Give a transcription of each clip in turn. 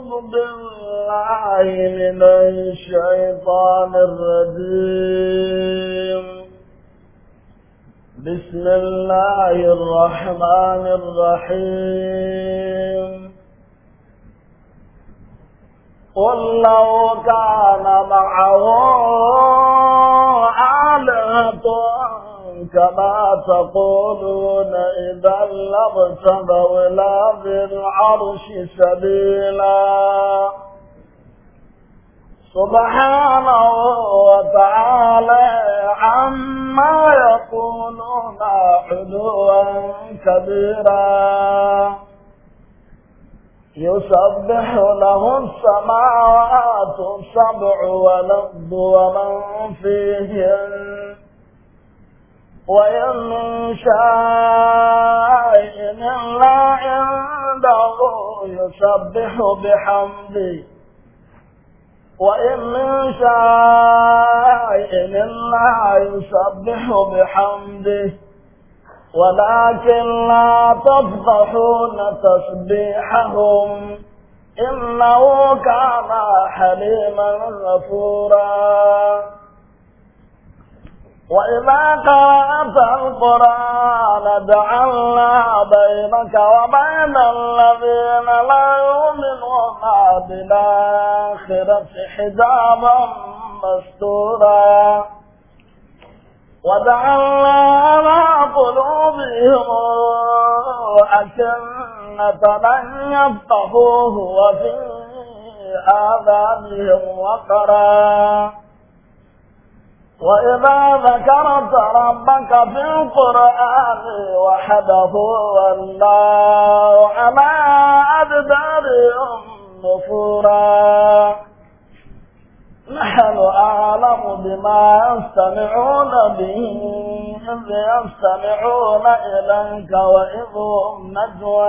أعوذ بالله من الشيطان الرجيم بسم الله الرحمن الرحيم قل لو كان معه آلهة كما تقولون إذا لابتغوا إلى ذي العرش سبيلا سبحانه وتعالى عما يقولون علوا كبيرا يسبح له السماوات السبع والأرض ومن فيهن وإن من شيء إلا عنده يسبح بحمده وإن من شيء إلا يسبح بحمده ولكن لا تفضحون تسبيحهم إنه كان حليما غفورا وإذا قرأت القرآن جعلنا بينك وبين الذين لا يؤمنون بالآخرة حجابا مستورا وجعلنا على قلوبهم أكنة لن يفقهوه وفي آذانهم وقرا lagardaramagaigụrụ ari wahaụwaaalaadịarịm nụbụra nahanụ alamụdima azụtamilọ dụihi ihembe azụtamiụla elegawa ilụmnadwa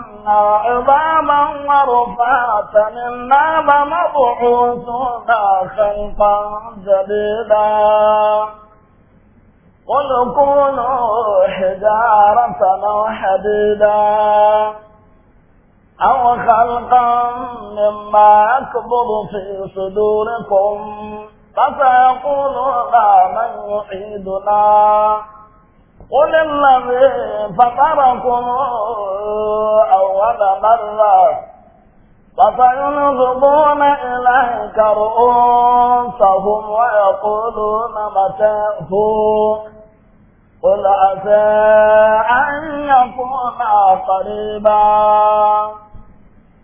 namgbabawarụa tamagba bụ ụzụdazaa zdaolukolu hie daarata na ohia dịda awụtata mdemma akụbarụzi ozodoreo azakụ ụlọ daabahụedo naa قل الذي فطركم أول مرة فسينظرون إليك رؤوسهم ويقولون متى قل عسى أن يكون قريبا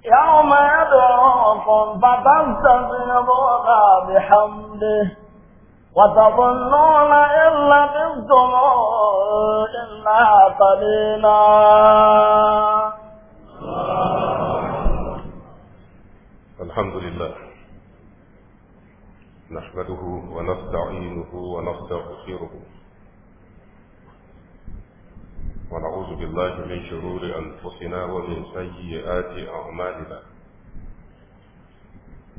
يوم يدعوكم فتستجيبون بحمده وتظنون إن لبثتم إلا قليلا الحمد لله نحمده ونستعينه ونستغفره ونعوذ بالله من شرور أنفسنا ومن سيئات أعمالنا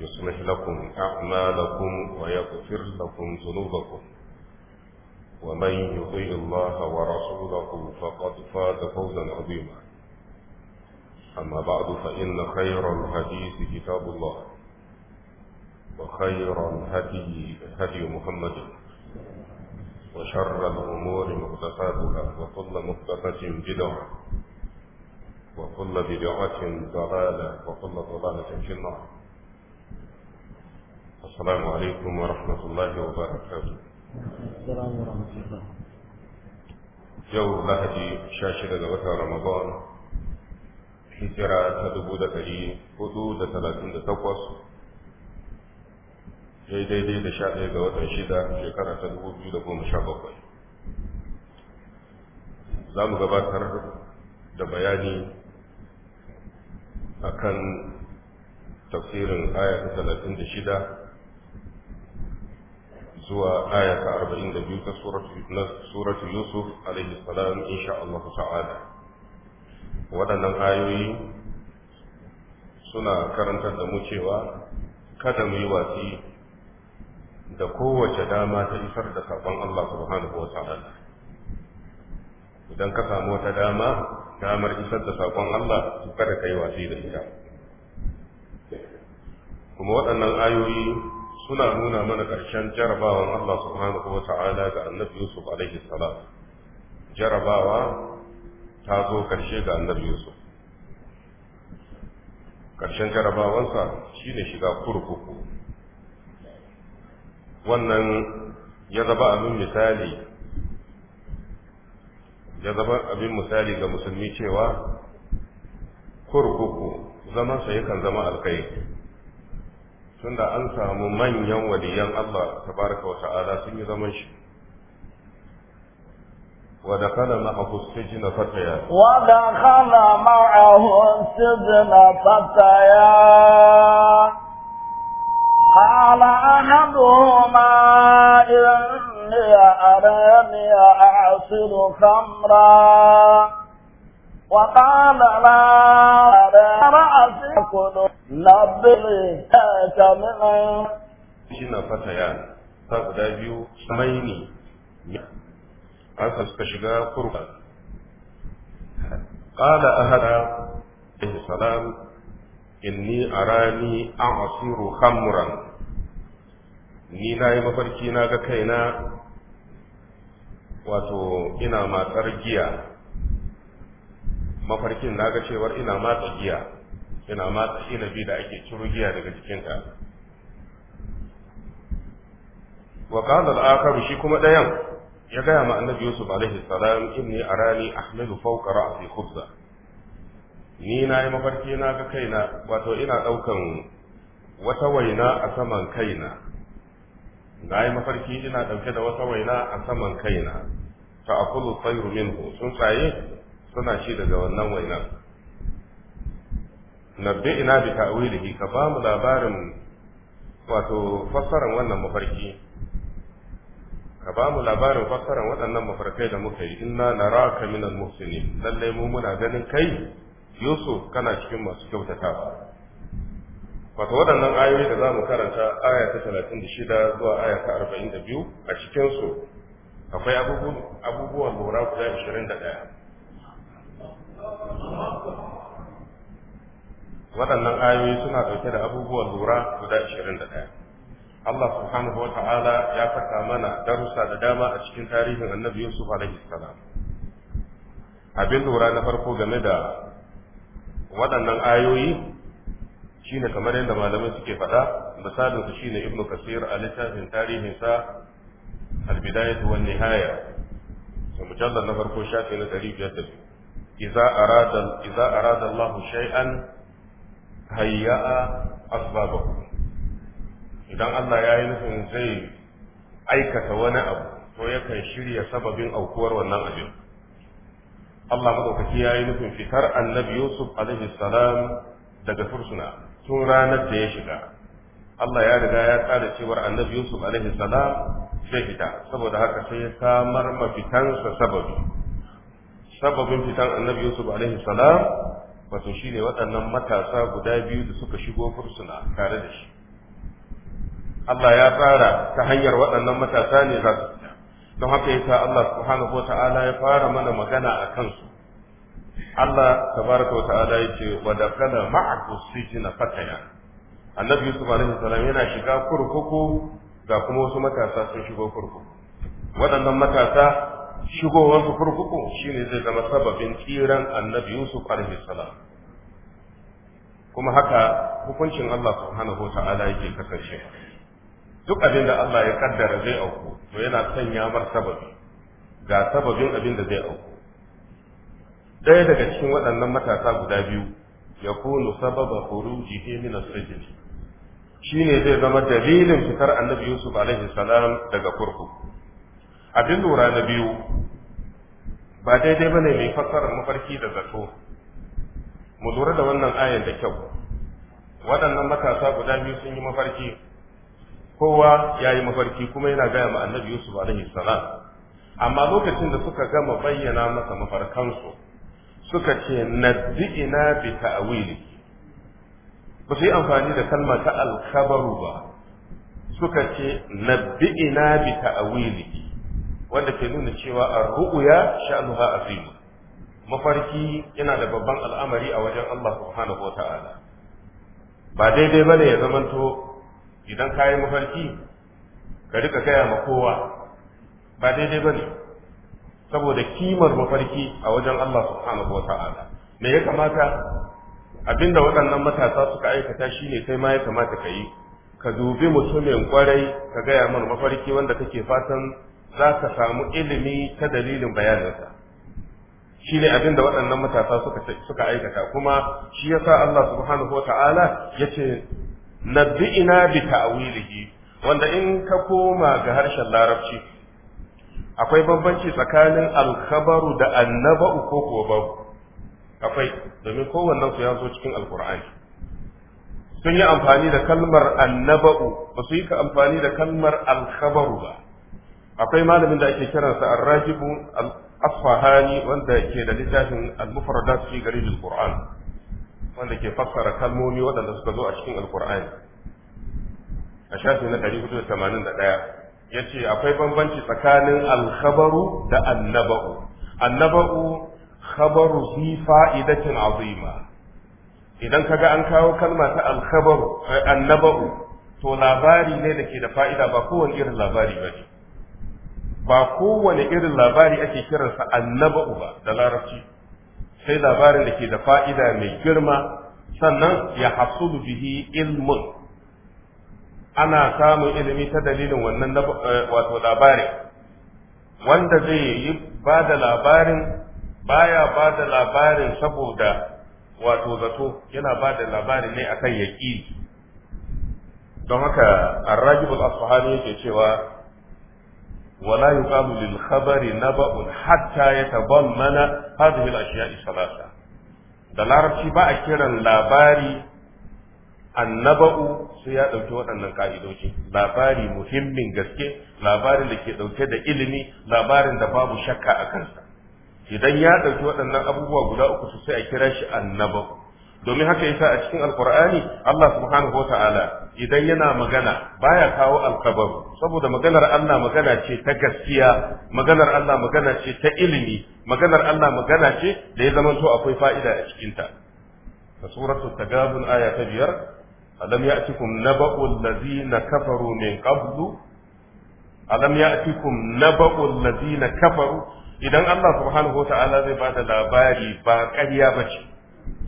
يصلح لكم أعمالكم ويغفر لكم ذنوبكم ومن يطيع الله ورسوله فقد فاز فوزا عظيما أما بعد فإن خير الحديث كتاب الله وخير الهدي هدي محمد وشر الأمور محدثاتها وكل محدثة بدعة وكل بدعة ضلالة وكل ضلالة في النار السلام عليكم ورحمة yau lahadi sha shida ga watan ramadan hijira ta dubu da ɗari hudu da talatin da takwas daidai da sha ga watan shida shekara ta dubu biyu da goma sha bakwai za mu gabatar da bayani akan tafsirin aya ta talatin da shida zuwa aya ta arba'in da biyu ta suratu yusuf alaihi salam insha Allah ta'ala waɗannan ayoyi suna karantar da mu cewa kada mu yi watsi da kowace dama ta isar da sabon Allah subhanahu wa ta'ala idan ka samu wata dama damar isar da sabon Allah to kada ka yi watsi da ita kuma waɗannan ayoyi suna nuna mana ƙarshen jarabawan Allah subhanahu wa ta'ala ga annabi Yusuf alaihi salam jarabawa ta zo ƙarshe ga annabi Yusuf ƙarshen jarabawansa shi ne shiga kurkuku wannan ya zaba abin misali ya zaba abin misali ga musulmi cewa kurkuku zamansa yakan zama alkai tunda an samu manyan waliyan Allah tabaraka wa ta'ala sun yi zaman shi wa da kana ma'ahu sijna fataya wa da kana ma'ahu sijna fataya qala anaduhuma inni arani a'siru khamra وقال لا رأسي كل نبري na سمعا شنا biyu فقدا بيو سميني aka suka shiga kurba qala ahada in salam inni arani a'siru hamuran ni na yi mafarki na ga kaina wato ina matsar giya mafarkin na ga cewar ina matsa giya yana matsa inabi da ake ciro giya daga jikinta wa kana al shi kuma dayan ya gaya ma annabi yusuf alaihi salam inni arani ahmadu fawqa ra'si khubza ni na yi mafarki na ga kaina wato ina daukan wata waina a saman kaina na yi mafarki ina dauke da wata waina a saman kaina fa aqulu tayru minhu sun tsaye suna shi daga wannan wainan nabbi ina bi ta'wilihi ka ba mu labarin wato fassaran wannan mafarki ka ba mu labarin fassaran waɗannan mafarkai da muka yi inna naraka minal muhsinin lalle mu muna ganin kai yusuf kana cikin masu kyautata? wato waɗannan ayoyi da za mu karanta aya ta talatin da shida zuwa aya ta arba'in da biyu a cikinsu akwai abubuwan lura guda ashirin da ɗaya waɗannan ayoyi suna ɗauke da abubuwan lura guda ashirin da ɗaya Allah subhanahu wa ta'ala ya saka mana darussa da dama a cikin tarihin annabi Yusuf alaihi salam abin lura na farko game da waɗannan ayoyi shine kamar yadda malamai suke faɗa misalin su shine ibnu kasir a littafin tarihin sa al-bidayatu wan nihaya to mujallal na farko shafi na 500 إذا أراد إذا أراد الله شيئا hayya'a asbabahu idan Allah ya yi nufin zai aikata wani abu to yakan shirya sababin aukuwar wannan abin Allah madaukaki ya yi nufin fitar annabi Yusuf alaihi salam daga fursuna tun ranar da ya shiga Allah ya riga ya tsara cewar annabi Yusuf alaihi salam zai fita saboda haka sai ya samar mafitansa sababi sababin fitan annabi Yusuf alaihi salam wato shi ne waɗannan matasa guda biyu da suka shigo fursuna tare da shi Allah ya tsara ta hanyar waɗannan matasa ne za su fita don haka yasa Allah subhanahu wa ta'ala ya fara mana magana a kansu Allah tabaraka wa ta'ala ya ce wa dakala ma'aku sijina fataya annabi Yusuf alaihi salam yana shiga kurkuku ga kuma wasu matasa sun shigo kurkuku waɗannan matasa shigowar su kurkuku shine zai zama sababin tsiran annabi yusuf alaihi salam kuma haka hukuncin Allah subhanahu wa ta'ala yake kasance duk abin da Allah ya kaddara zai auku to yana sanya mar sababi ga sababin abin da zai auku ɗaya daga cikin waɗannan matasa guda biyu ya kunu sababa khurujihi min as shine zai zama dalilin fitar annabi Yusuf alaihi salam daga kurkuku abin lura na biyu ba daidai ba ne mai fassarar mafarki da zato mu lura da wannan ayan da kyau waɗannan matasa guda biyu sun yi mafarki kowa ya yi mafarki kuma yana gaya ma annabi yusuf alaihi salam amma lokacin da suka gama bayyana masa mafarkansu suka ce naddi'ina bi ta'wili ba su yi amfani da kalma ta alkabaru ba suka ce nabbi'ina bi ta'wili wanda ke nuna cewa ar-ru'ya sha'anuha azim mafarki yana da babban al'amari a wajen Allah subhanahu wa ta'ala ba daidai bane ya zamanto idan kayi mafarki ka rika gaya ma kowa ba daidai bane saboda kimar mafarki a wajen Allah subhanahu wa ta'ala me ya kamata abinda waɗannan matasa suka aikata shine kai ma ya kamata ka yi ka dubi mutumin kwarai ka gaya mana mafarki wanda kake fatan za ka samu ilimi ta dalilin bayaninsa shi ne abin da waɗannan matasa suka aikata kuma shi ya sa Allah subhanahu wa ta'ala ya ce bi’ina bi ta’awilihi wanda in ka koma ga harshen larabci akwai bambanci tsakanin alkhabaru da annaba'u ko kuwa babu akwai domin kowannen su ya zo cikin alkur'ani sun yi amfani da kalmar annaba'u ba su yi ka amfani da kalmar alkhabaru ba akwai malamin da ake kiransa ar-rajibu al-asfahani wanda ke da littafin al-mufradat fi gharib al-qur'an wanda ke fassara kalmomi waɗanda suka zo a cikin al-qur'an a shafi na 481 yace akwai bambanci tsakanin al-khabaru da annaba'u annaba'u khabaru fi fa'idatin azima idan kaga an kawo kalma ta al-khabaru eh, annaba'u to labari ne da ke da fa'ida ba kowane irin labari ba ne ba kowane irin labari ake kiransa annaba'u ba da larabci sai labarin da ke da fa'ida mai girma sannan ya hasulu bihi ilmun ana samun ilimi ta dalilin wannan eh, wato labarin wanda zai yi ba da labarin baya ba da labarin saboda wato zato yana ba da labarin ne akan yaƙi don haka arrajibul asfahani yake cewa ولا يقام للخبر نبأ حتى يتضمن هذه الأشياء الثلاثة da larabci ba a kiran labari annaba'u sai ya ɗauki waɗannan ƙa'idoci labari muhimmin gaske labarin da ke ɗauke da ilimi labarin da babu shakka a kansa idan ya ɗauki waɗannan abubuwa guda uku sai a kira shi annaba'u domin haka yasa a cikin alqur'ani Allah subhanahu wataala idan yana magana baya kawo alkabar saboda maganar Allah magana ce ta gaskiya maganar Allah magana ce ta ilimi maganar Allah magana ce da ya zamanto akwai fa'ida a cikin ta suratul tagabun aya ta biyar alam ya'tikum naba'u allazina kafaru min qablu alam ya'tikum naba'u allazina kafaru idan Allah subhanahu wataala zai bada labari ba ƙarya bace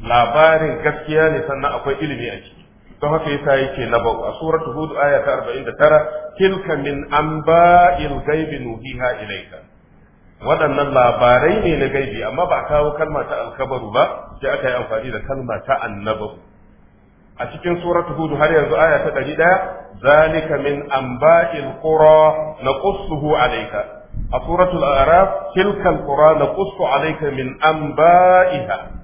labarin gaskiya ne sannan akwai ilimi a ciki don haka yasa yake na ba a suratul hud aya ta 49 tilka min anba'il ghaibi nuhiha ilayka waɗannan labarai ne na gaibi amma ba kawo kalma ta alkabaru ba sai aka yi amfani da kalma ta annabaru a cikin suratul hud har yanzu aya ta 100 zalika min anba'il qura naqussuhu alayka a suratul araf tilka alqura naqussu alayka min anba'iha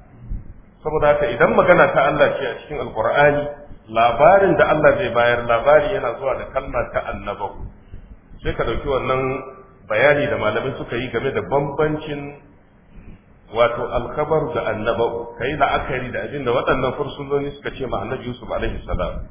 saboda haka idan magana ta Allah ce a cikin alkur'ani labarin da Allah zai bayar labari yana zuwa da kalma ta annabawa sai ka ɗauki wannan bayani da malamin suka yi game da bambancin wato alkhabar da annabawa kai la'akari da abin da waɗannan fursunoni suka ce ma annabi Yusuf alaihi salam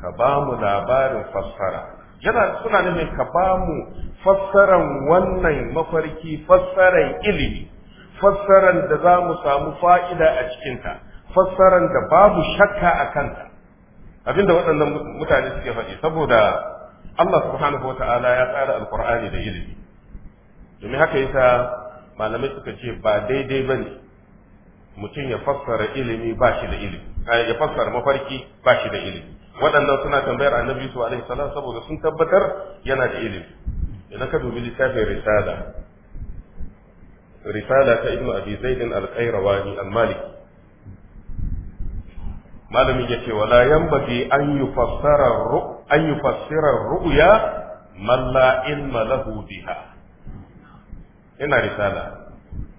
ka ba mu labarin fassara yana suna nufin ka ba mu fassaran wannan mafarki fassaran ilimi fassaran da za mu samu fa'ida a cikinta fassaran da babu shakka a kanta abinda waɗannan mutane suke faɗi saboda Allah subhanahu wata'ala ya tsara alkur'ani da ilimi domin haka yasa malamai suka ce ba daidai ba ne mutum ya fassara ilimi ba shi da ilimi eh, ya fassara mafarki ba shi da ilimi waɗannan suna tambayar annabi su alaihi saboda sun tabbatar yana da ilimi idan ka dubi littafin risala risala ta ibnu abi zaidin al-qayrawani al-maliki malamin yace wala yanbaghi an yufassara an yufassira ru'ya man la ilma lahu biha ina risala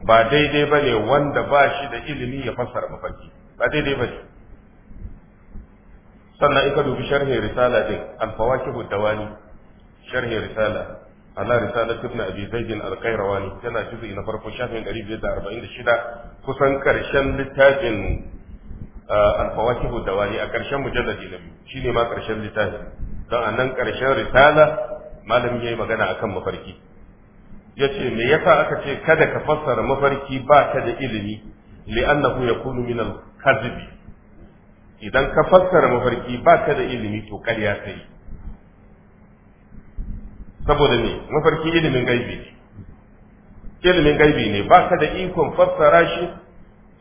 ba daidai bane wanda ba shi da ilimi ya fassara mafarki ba daidai bane sannan in ka dubi sharhi risala din al-fawakihu dawani sharhi risala ala risalat ibn abi zaidin al-qayrawani yana juzu'i na farko shafin 546 kusan karshen littafin uh, al-fawakih dawani a karshen mujalladi na biyu shine ma karshen littafin don anan karshen risala malamin yayi magana akan mafarki yace me yasa aka ce kada ka fassara mafarki ba ka da ilimi li'annahu yakunu min al-kadhib idan ka fassara mafarki ba ka da ilimi to ƙarya kai saboda ne mafarki ilimin gaibi ne ilimin gaibi ne ba ka da ikon fassara shi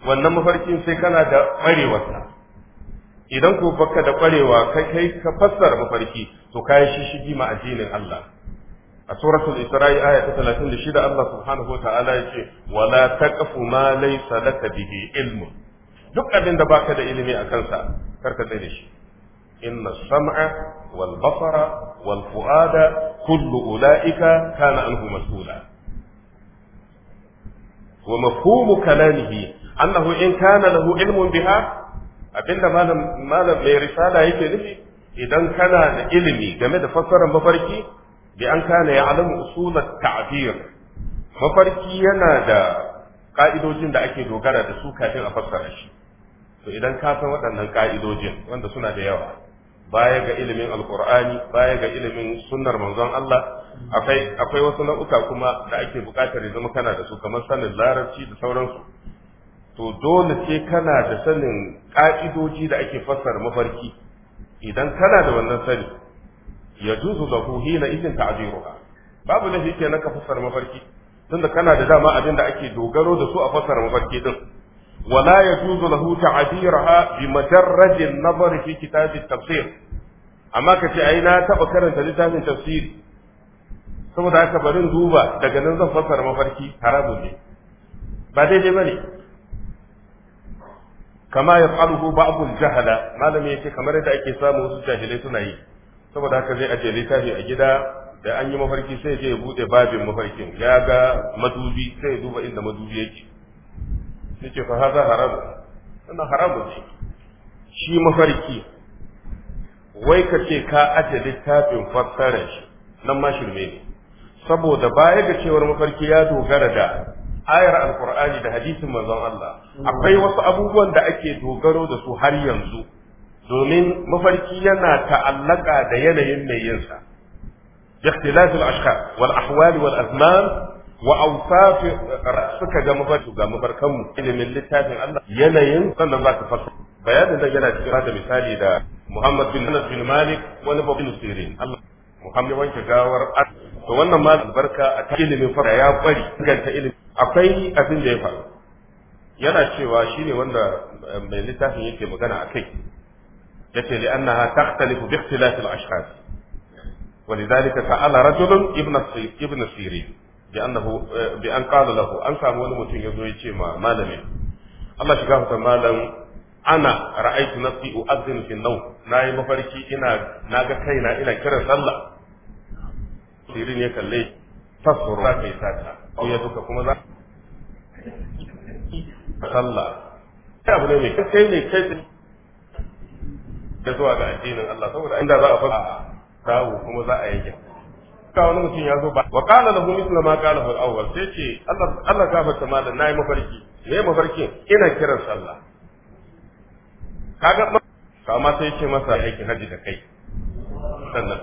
wannan mafarkin sai kana da ƙwarewarsa idan ko baka da ƙwarewa kai kai ka fassara mafarki to shi, shigi ma addinin Allah a suratul isra'i aya ta 36 Allah subhanahu wa ta'ala ya ce wala taqfu ma laysa laka bihi ilmun duk abin da baka da ilimi a kansa karka tsaye da shi inna sam'a wal basara kullu ulaika kana anhu mas'ula wa mafhumu kalamihi an in kana lahu biha abinda malam mai risala yake nufi idan kana da ilimi game da fassarar mafarki bi an kana ya alamu usulat mafarki yana da ƙa'idojin da ake dogara da su kafin a fassara shi to idan kasan waɗannan ƙa'idojin wanda suna da yawa baya ga ilimin alkur'ani baya ga ilimin sunnar manzon Allah akwai akwai wasu nau'uka kuma da ake buƙatar ya zama kana da su kamar sanin larabci da sauransu to dole sai kana da sanin ka'idoji da ake fassara mafarki idan kana da wannan sani ya juzu ku hina idin ta'ziruha babu laifi kenan ka fassara mafarki tunda kana da dama abin da ake dogaro da su a fassara mafarki din ولا يجوز له تعبيرها بمجرد النظر في كتاب التفسير أما كتي أين تأكر karanta littafin تفسير saboda haka barin duba daga nan zan fassara mafarki haramun ne ba daidai bane kama ya faruhu ba'dul jahala malami yace kamar yadda ake samu wasu jahilai suna yi saboda haka zai ajiye littafi a gida da an yi mafarki sai je ya bude babin mafarkin ya ga madubi sai ya duba inda madubi yake yace fa haza haram wannan haramun ne shi mafarki wai ka ce ka aje littafin fassara shi nan ma shirme ne saboda baya ga cewar mafarki ya dogara da ayar alkur'ani da hadisin manzon Allah akwai wasu abubuwan da ake dogaro da su har yanzu domin mafarki yana ta'allaka da yanayin mai yinsa bi ikhtilaf al-ashkhar wal azman wa awsafi suka ga mafarki ga mafarkan mu ilimin littafin Allah yanayin sannan za ka fasu bayanin nan yana cikin da misali da Muhammad bin Anas bin Malik wani babin sirin Allah Muhammad wanke gawar Allah. to wannan ma albarka a ilimin fara ya bari inganta ilimi akwai abin da ya faru yana cewa shine wanda eh, mai littafin yake magana a kai yace li annaha takhtalifu bi ikhtilaf al ashkhas ولذلك سأل رجل ابن ابن سيرين bi annahu eh, bi an qala lahu an samu wani mutum yazo ya ce ma malamin Allah shi gafa malam ana ra'aytu nafsi u'azzin fi an-nawm nayi mafarki ina naga kaina ina kiran sallah sirin ya kalle tasfuru za kai sata ko ya duka kuma za sallah ya bude ne kai ne kai da zuwa ga addinin Allah saboda inda za a fara dawo kuma za a yanke ka wani mutum ya zo ba wa kala lahu mithla ma qala fil awwal sai ce Allah Allah gafarta malam nayi mafarki me mafarki ina kiran sallah kaga to amma sai ce masa aikin haji da kai sannan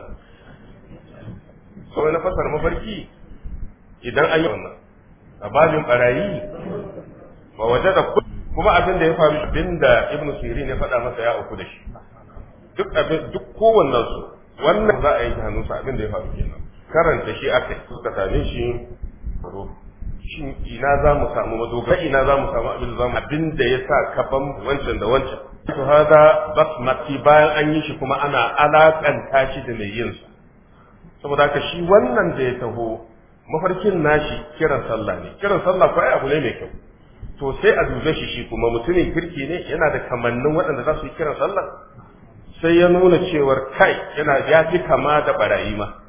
sai na fasar mafarki idan an yi wannan a babin barayi ba waje da kuma abin da ya faru abin da ibnu sirin ya faɗa masa ya uku da shi duk abin duk kowannen su wannan za a yi hannunsa abin da ya faru kenan karanta shi aka suka same shi shin ina za mu samu madogara ina za mu samu abin da abin da ya sa kafan wancan da wancan to hada basmati bayan an yi shi kuma ana alakanta shi da mai yin su saboda haka shi wannan da ya taho mafarkin nashi kiran sallah ne kiran sallah ko ai abu ne mai kyau to sai a duba shi shi kuma mutumin kirki ne yana da kamannin waɗanda za su yi kiran sallah sai ya nuna cewar kai yana ya fi kama da barayi ma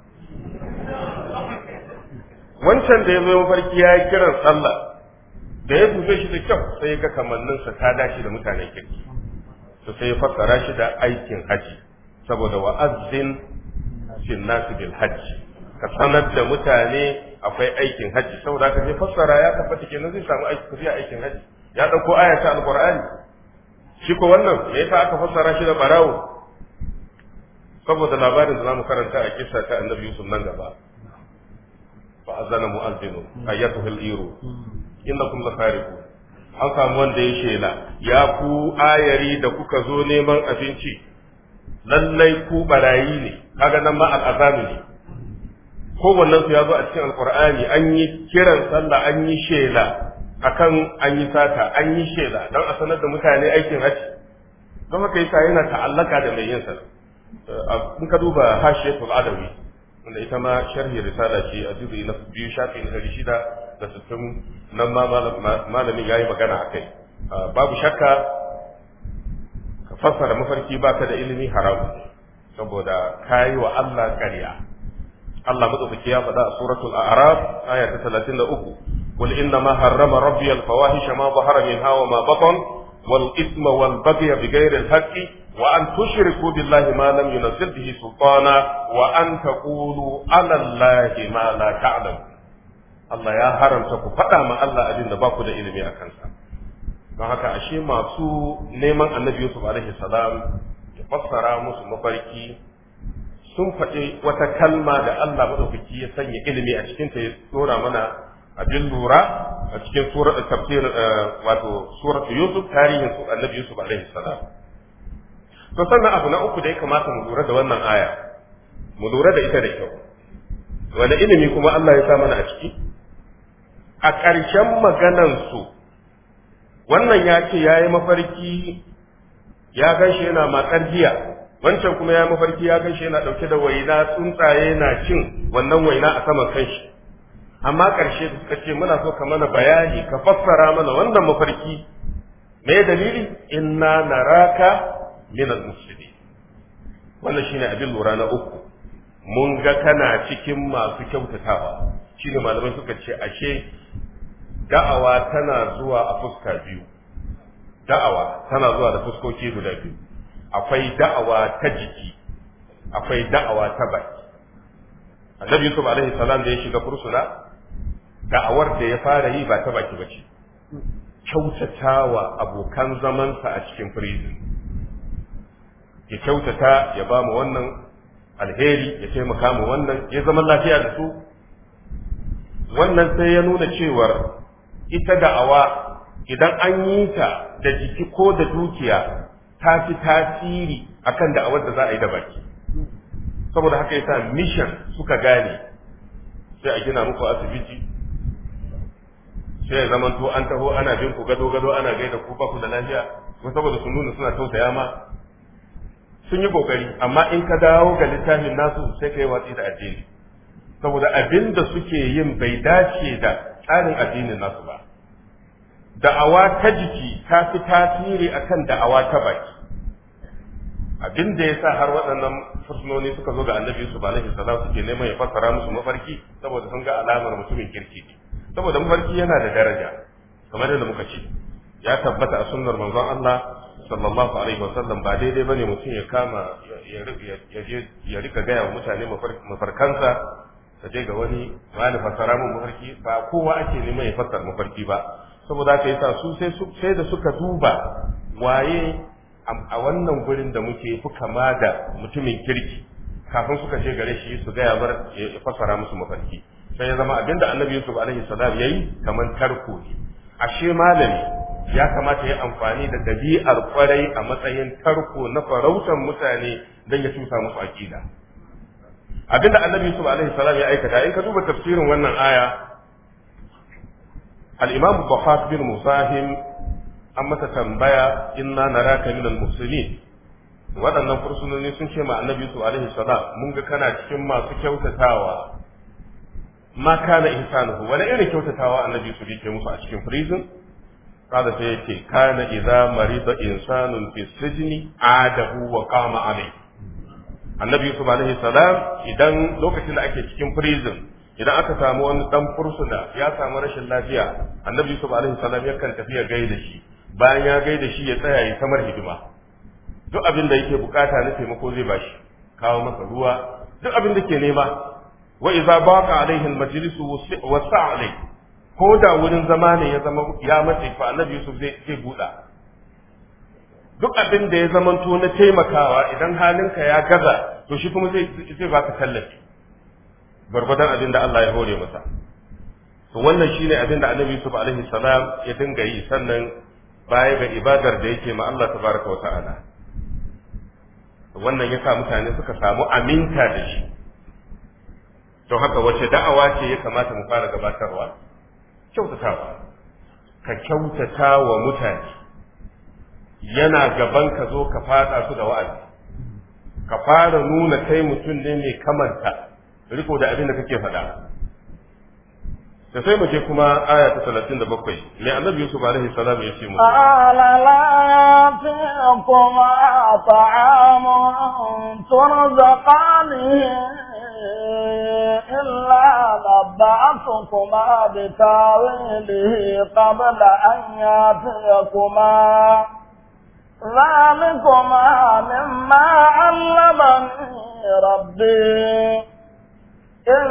wancan da ya zo mafarki ya yi kiran sallah da ya dube shi da kyau sai ya ga kamanninsa ta dashi da mutanen kirki su sai fassara shi da aikin haji saboda azzin fil nasi bil haji ka sanar da mutane akwai aikin haji saboda ka je fassara ya tabbata kenan zai samu aiki a aikin haji ya dauko aya ta alqur'ani shi ko wannan me yasa aka fassara shi da barawo saboda labarin da zamu karanta a kisa ta annabi Yusuf nan gaba fa azana mu'azzinu ayyatuhul iru innakum lasariqun an samu wanda ya shela ya ku ayari da kuka zo neman abinci lallai ku barayi ne kaga nan ma al'azami ne wannan su ya zo a cikin alkur'ani an yi kiran sallah an yi shela akan an yi sata an yi shela Dan a sanar da mutane aikin haji don haka yasa yana ta'allaka da mai yin sallah Eh, in ka duba hashiyatul adawi wanda ita ma sharhi risala ce a juzu'i na biyu shafi na dari shida da sittin nan ma malamin ya yi magana a kai eh, babu shakka ka fassara mafarki ba ka da ilimi haramu saboda ka yi wa Allah ƙarya Allah madaukaki ya faɗa a suratul a'raf aya ta 33 قل إنما حرم ربي ma ما minha wa ma batan والإثم والبغي بغير الحق وأن تشركوا بالله ما لم ينزل به سلطانا وأن تقولوا على الله ما لا تعلم الله يا هرم تكو فدا ما الله أجن باكو دا إلمي أكنسا don haka ashe masu neman annabi Yusuf alaihi salam ya fassara musu mafarki sun faɗi wata kalma da Allah madaukaki ya sanya ilimi a cikinta ya tsora mana abin lura a cikin tafsir eh, wato suratu yusuf tarihin su annabi yusuf alaihi salam to sannan abu na uku da ya kamata mu lura da wannan aya mu lura da ita da kyau wani ilimi kuma Allah ya sa mana a ciki a ƙarshen maganansu wannan ya ce ya yi mafarki ya ganshi yana matsar jiya wancan kuma ya yi mafarki ya ganshi yana ɗauke da waina tsuntsaye na cin wannan waina a saman kanshi amma ƙarshe suka ce muna so ka mana bayani ka fassara mana wannan mafarki me dalili inna naraka min al-muslimin wannan shine abin lura na uku mun ga kana cikin masu kyautatawa shine malamai suka ce ashe da'awa tana zuwa a fuska biyu da'awa tana zuwa da fuskoki guda biyu akwai da'awa ta jiki akwai da'awa ta baki annabi yusuf alaihi salam da ya shiga fursuna da'awar da ya fara yi ba ta baki ba ce. Kyautata wa abokan zamansa a cikin firizin ya kyautata ya ba mu wannan alheri ya taimaka mu wannan ya zama lafiya da su wannan sai ya nuna cewar ita da'awa idan an yi ta da jiki ko da dukiya ta fi tasiri akan da'awar da za a yi da baki saboda haka ya sa mishan suka gane sai a gina muku asibiti sai ya to an taho ana bin ku gado gado ana gaida ku ba ku da lafiya kuma saboda sun nuna suna tausaya ma sun yi kokari amma in ka dawo ga littafin nasu sai ka yi watsi da addini saboda abin da suke yin bai dace da tsarin addinin nasu ba da'awa ta jiki ta fi tasiri akan da'awa ta baki abin da ya sa har waɗannan fursunoni suka zo ga annabi su ba alaihi salam suke neman ya fassara musu mafarki saboda sun ga alamar mutumin kirki ne. saboda mafarki yana da daraja kamar yadda muka ce ya tabbata a sunnar manzon Allah sallallahu alaihi wasallam ba daidai bane mutum ya kama ya rika gaya wa mutane mafarkansa ta je ga wani wani fassara mun mafarki ba kowa ake neman ya fassara mafarki ba saboda haka yasa su sai sai da suka duba waye a wannan gurin da muke fi kama da mutumin kirki kafin suka je gare shi su gaya bar ya fassara musu mafarki sai ya zama abinda annabi yusuf alaihi salam yayi kaman tarko ne ashe malami ya kamata ya amfani da dabi'ar kwarai a matsayin tarko na farautan mutane don ya tusa musu aqida abinda annabi yusuf alaihi salam ya aikata in ka duba tafsirin wannan aya al-imam Bukhari bin Musahim an masa tambaya inna naraka al muslimin waɗannan fursunoni sun ce ma annabi yusuf alaihi salam mun ga kana cikin masu kyautatawa ma kana ihsanuhu wani irin kyautatawa annabi su yake musu a cikin prison kada sai yake kana idza marida insanun fi sijni adahu wa qama alayhi annabi yusuf alaihi salam idan lokacin da ake cikin prison idan aka samu wani dan fursuna ya samu rashin lafiya annabi yusuf alaihi salam yakan tafi ya gaida shi bayan ya gaida shi ya tsaya ya samar hidima duk abin da yake bukata na taimako zai bashi kawo masa ruwa duk abin da ke nema wa idza baqa alaihi almajlisu wasa alai ko da wurin zama ne ya zama ya mace fa annabi yusuf zai buɗa duk abin da ya zamanto na taimakawa idan halinka ya gaza to shi kuma zai zai baka tallafi barbadan abin da Allah ya hore masa to wannan shine abin da annabi yusuf alaihi salam ya dinga yi sannan baya ga ibadar da yake ma Allah tabaraka wa ta'ala wannan ya mutane suka samu aminta da shi don haka wace da'awa ce ya kamata mu fara gabatarwa kyautatawa ka kyautata wa mutane yana gaban ka zo ka fada su da wa'azi ka fara nuna kai mutum ne mai kamanta riko da abin da kake faɗa da sai mu je kuma aya ta 37 mai annabi Yusuf alaihi salam ya ce mu ala la ta'amun turzaqani إلا نبعتكما بتاويله قبل أن يأتيكما ذلكما مما علمني ربي إن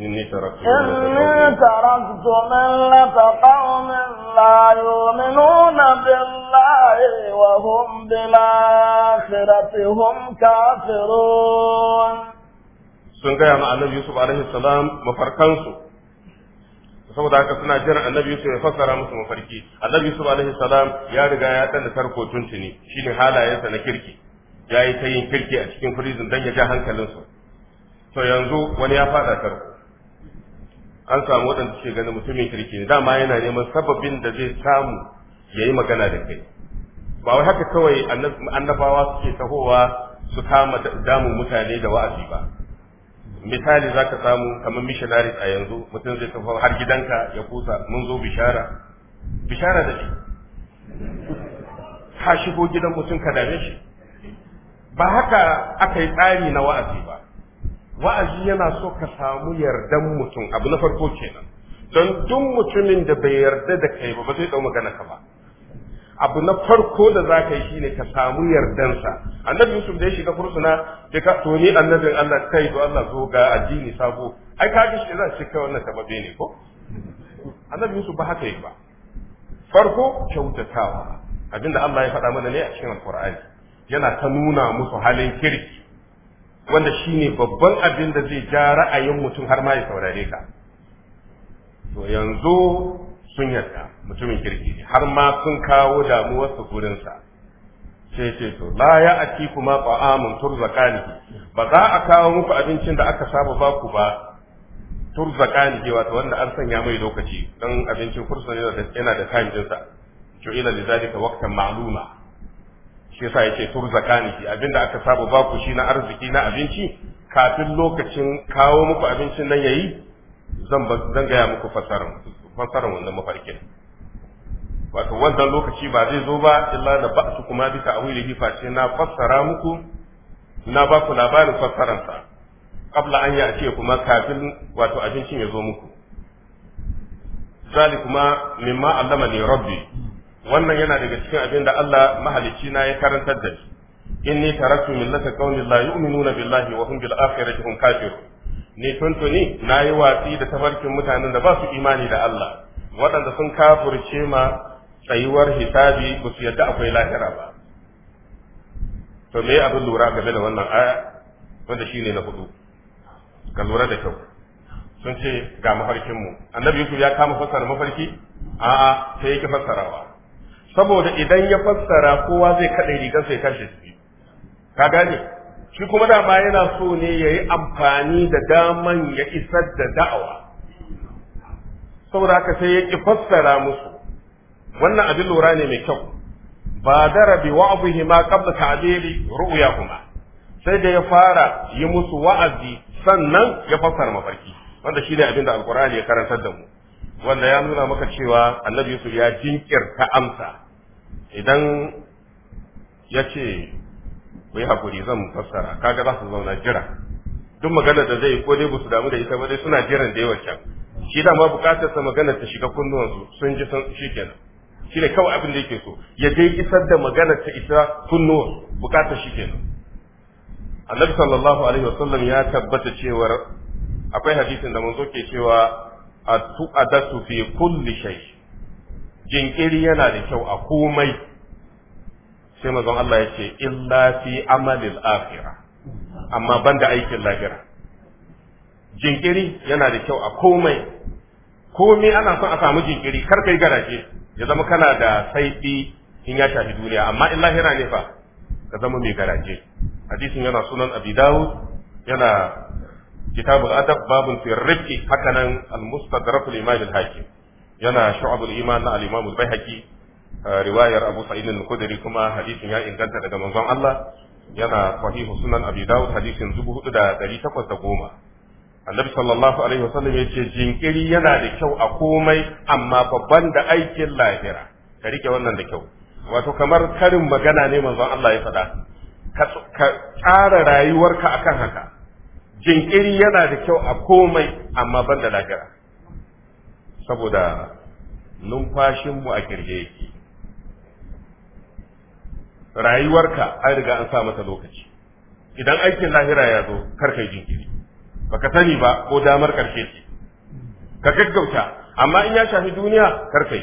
إني تركت إني تركت ملة قوم لا يؤمنون بالله وهم بالآخرة هم كافرون sun gaya ma annabi yusuf alaihi salam mafarkansu saboda haka suna jiran annabi yusuf ya fassara musu mafarki annabi yusuf alaihi salam ya riga ya danda tarko tuntuni shine halayensa na kirki ya yi ta yin kirki a cikin firizin dan ya ja su to yanzu wani ya fada tarko an samu waɗanda suke ganin mutumin kirki ne dama yana neman sababin da zai samu ya yi magana da kai ba wai haka kawai annabawa suke tahowa su kama damun mutane da wa'azi ba misali za ka samu kamar missionary a yanzu mutum zai tafi har gidanka ya kusa mun zo bishara bishara da shi ka shigo gidan mutum ka dame shi ba haka aka yi tsari na wa'azi ba wa'azi yana so ka samu yardan mutum abu na farko kenan don duk mutumin da bai yarda da kai ba ba zai dau magana ka ba abu na farko da za ka yi shine ka samu yardansa annabi yusuf da ya shiga fursuna da ka to annabin allah kai to allah zo ga addini sabo ai ka ga shi zan shi kai wannan sababe ne ko annabi yusuf ba haka yi ba farko kyautatawa abinda allah ya faɗa mana ne a cikin alqur'ani yana ta nuna musu halin kirki wanda shine babban abin da zai ja ra'ayin mutum har ma ya saurare ka to yanzu sun yarda mutumin kirki ne har ma sun kawo damuwar su sa sai ce to la ya aki kuma ta'amun turzakani ba za a kawo muku abincin da aka saba ba ku ba ke wato wanda an sanya mai lokaci dan abincin kursa yana da time din sa to ila lidalika waqtan ma'luma shi yasa yace turzaqanihi abinda aka saba ba ku shi na arziki na abinci kafin lokacin kawo muku abincin nan yayi zan zan gaya muku fasarar fassarar wannan mafarkin wato wannan lokaci ba zai zo ba illa da ba su kuma bisa a wuri face na fassara muku na ba ku labarin fassaransa kabla an ya ce kuma kafin wato abincin ya zo muku zali kuma mimma allama ne rabbi wannan yana daga cikin abin da Allah mahalicci na ya karantar da shi inni taraktu millata qaumin la yu'minuna billahi wa hum bil akhirati hum kafirun ni tuntuni na yi watsi da tafarkin mutanen da ba su imani da Allah waɗanda sun kafurce ma tsayuwar hisabi ba su yadda akwai lahira ba to me abin lura game da wannan aya wanda shine na hudu ka lura da kyau sun ce ga mafarkinmu annabi yusuf ya kama fassara mafarki a'a sai yake fassarawa saboda idan ya fassara kowa zai kaɗai rigar sai kashe su ka gane shi kuma da dama yana so ne ya yi amfani da daman ya isar da da'awa saboda haka sai ya ƙi fassara musu wannan abin lura ne mai kyau ba da bi wa'azihi ma qabla ta'dili kuma. sai da ya fara yi musu wa'azi sannan ya fassara mafarki wanda shi ne abin da alqur'ani ya karantar da mu wanda ya nuna maka cewa annabi Yusuf ya jinkirta amsa idan ya ce ku yi hakuri zan fassara kaga za su zauna jira duk magana da zai ko dai ba su damu da ita ba dai suna jiran da yawan can shi da ma bukatar sa magana ta shiga kunnuwan sun ji san shi kenan shi ne kawai abin da yake so ya dai isar da magana ta isa kunnuwan bukatar shi kenan annabi sallallahu alaihi wasallam ya tabbata cewar akwai hadisin da manzo ke cewa atu adatu fi kulli shay jinkiri yana da kyau a komai sai mazan Allah ya ce illa fi amalil akhira amma banda aikin lahira jinkiri yana da kyau a komai komai ana son a samu jinkiri kar kai garaje ya zama kana da saifi in ya shafi duniya amma in lahira ne fa ka zama mai garaje hadisin yana sunan abi dawud yana kitabul adab babun fi rifqi hakanan al-mustadrak al-imam al-hakim yana shu'abul iman na al-imam al bayhaqi Eh, riwayar Abu Sa'id al-Khudri kuma hadisin ya inganta daga manzon Allah yana sahihu sunan Abi Dawud hadisin 4810 Annabi sallallahu alaihi wasallam yace jinkiri yana da kyau a komai amma babban da aikin lahira ka rike wannan da kyau wato kamar karin magana ne manzon Allah ya faɗa ka tsara rayuwarka akan haka jinkiri yana da kyau a komai amma ban da lahira saboda mu a kirje yake rayuwarka an riga an sa masa lokaci idan aikin lahira ya zo kar kai jinkiri ba ka sani ba ko damar karshe ce ka gaggauta amma in ya shafi duniya kar kai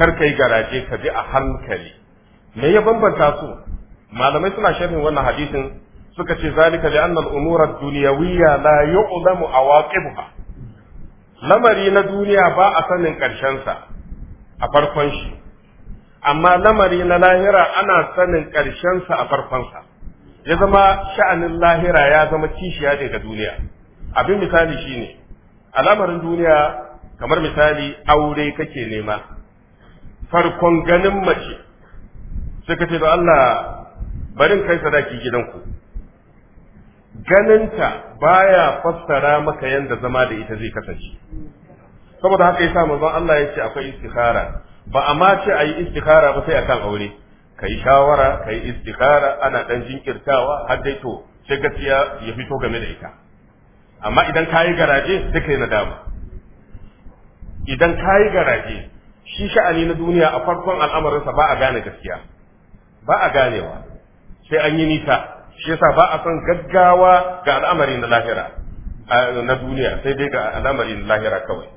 kar kai garaje ka bi a hankali me ya bambanta su malamai suna sharhin wannan hadisin suka ce zalika li anna al-umura ad-dunyawiyya la yu'lamu awaqibuha lamari na duniya ba a sanin karshen sa a farkon shi amma lamari na lahira ana sanin sa a farkon sa, ya zama sha'anin lahira ya zama kishiya daga duniya abin misali shine al'amarin duniya kamar misali aure kake nema farkon ganin mace sai ka ce Allah barin kai sadaki gidanku ganinta baya fassara maka yanda zama da ita zai kasance saboda haka yasa manzon Allah ya ce akwai istikhara ba a ma ce a yi istikhara ba sai a kan aure ka yi shawara ka yi istikhara ana dan jinkirtawa har dai to sai gaskiya ya fito game da ita amma idan ka yi garaje duka yi idan ka yi garaje shi sha'ani na duniya a farkon al'amarinsa ba a gane gaskiya ba a ganewa sai an yi nisa shi yasa ba a son gaggawa ga al'amari na lahira na duniya sai dai ga al'amari na lahira kawai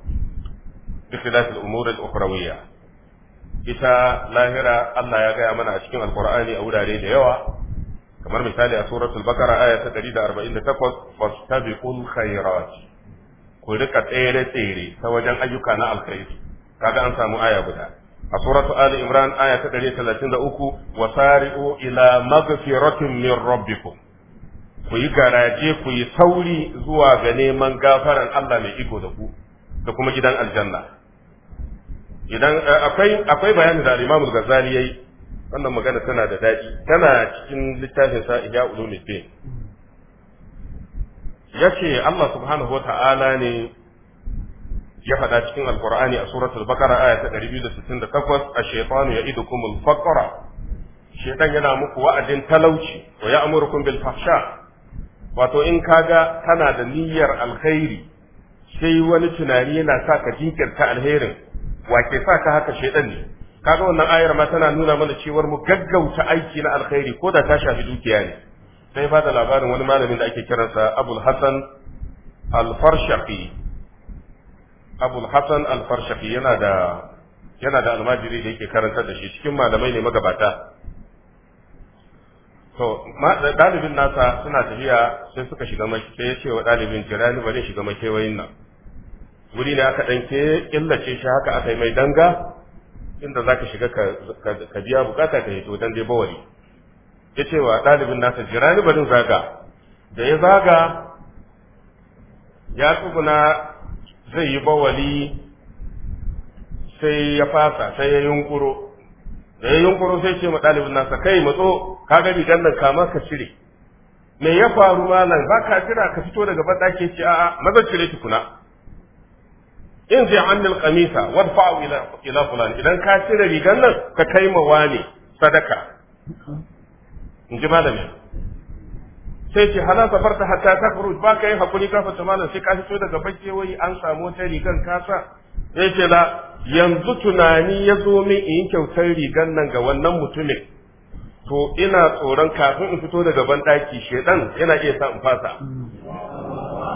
بخلاف الأمور الأخروية ita lahira Allah ya gaya mana a cikin alkur'ani a wurare da yawa kamar misali a suratul bakara aya ta 148 fastabiqul khairat ku rika tsere tsere ta wajen ayyuka na alkhairi kaga an samu aya guda a suratu ali imran aya ta 133 wasari'u ila maghfiratin min rabbikum ku yi garaje ku yi sauri zuwa ga neman gafaran Allah mai iko da ku da kuma gidan aljanna idan eh, akwai akwai bayanin da imam ghazali yayi wannan magana tana da daɗi tana cikin littafin sa Ihya Ulumuddin yace Allah subhanahu wata'ala ne ya faɗa cikin Al-Qur'ani a suratul Baqara aya ta 268 ash-shaytanu ya'idukum al-faqra shaytan yana muku wa'adin talauci wa ya'murukum bil fahsha wato in kaga tana da niyyar alkhairi sai wani tunani yana sa ka jinkirta alherin wa ke sa ka haka shedan ne kaga wannan ayar ma tana nuna mana cewar mu gaggauta aiki na alkhairi ko da ta shafi dukiya ne sai ba da labarin wani malamin da ake kiransa abul hasan al-farshaqi abul hasan al-farshaqi yana da yana da almajiri da yake karanta da shi cikin malamai ne magabata to dalibin nasa suna tafiya sai suka shiga sai ya ce wa dalibin jira ni ba zai shiga makewayin nan wuri ne aka ɗan ke ce shi haka aka yi mai danga inda za ka shiga ka biya bukata ka hito dan dai bawari ya ce wa ɗalibin nasa ni barin zaga da ya zaga ya tsuguna zai yi bawali sai ya fasa sai ya yunkuro da ya yunkuro sai ce ma ɗalibin nasa kai matso ka gani dan nan kama ka cire me ya faru malam ba ka jira ka fito daga baɗaki ce a'a maza cire tukuna in zai annil kamisa wadfa'u ila ila fulan idan ka cire rigan nan ka kai ma wani sadaka in ji malami sai ce hala ta hatta ta furu ba ka yi hakuri ka fata malam sai ka fito daga bakke wai an samu wata rigan kasa sai ce la yanzu tunani ya zo min in kyautar rigan nan ga wannan mutumin to ina tsoron kafin in fito daga ban daki shedan yana iya sa in fasa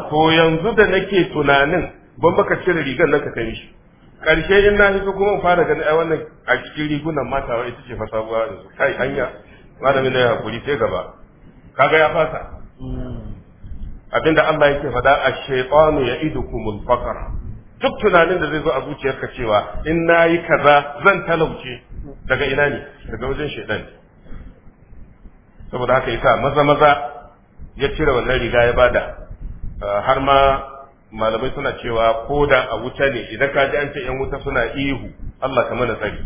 to yanzu da nake tunanin ban baka cire rigar nan ka kai shi karshe in na hito kuma in fara ganin ai wannan a cikin rigunan matawa ita ce sabuwa da su kai hanya malamin da ya hakuri sai gaba kaga ya fasa abinda Allah yake faɗa a shaytanu ya idu faqr duk tunanin da zai zo a zuciyarka cewa in na yi kaza zan talauce daga ina ne daga wajen shaytan saboda haka yasa maza maza ya cire wannan riga ya bada ah, har ma malamai suna cewa ko da a wuta ne idan ka ji an ce yan wuta suna ihu Allah ka mana tsari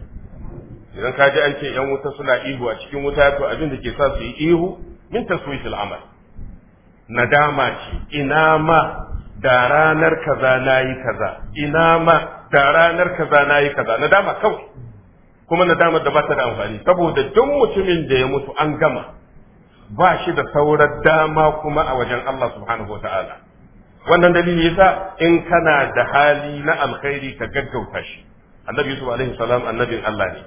idan ka ji an ce yan wuta suna ihu a cikin wuta to abin da ke sa su yi ihu min taswisil amal nadama ce ina ma da ranar kaza yi kaza ina ma da ranar kaza yi kaza nadama kawai kuma nadamar da ba ta da amfani saboda duk mutumin da ya mutu an gama ba shi da saurar dama kuma a wajen Allah subhanahu wa ta'ala wannan dalili yasa in kana da hali na alkhairi ka gaggauta shi annabi yusuf alaihi salam annabin Allah ne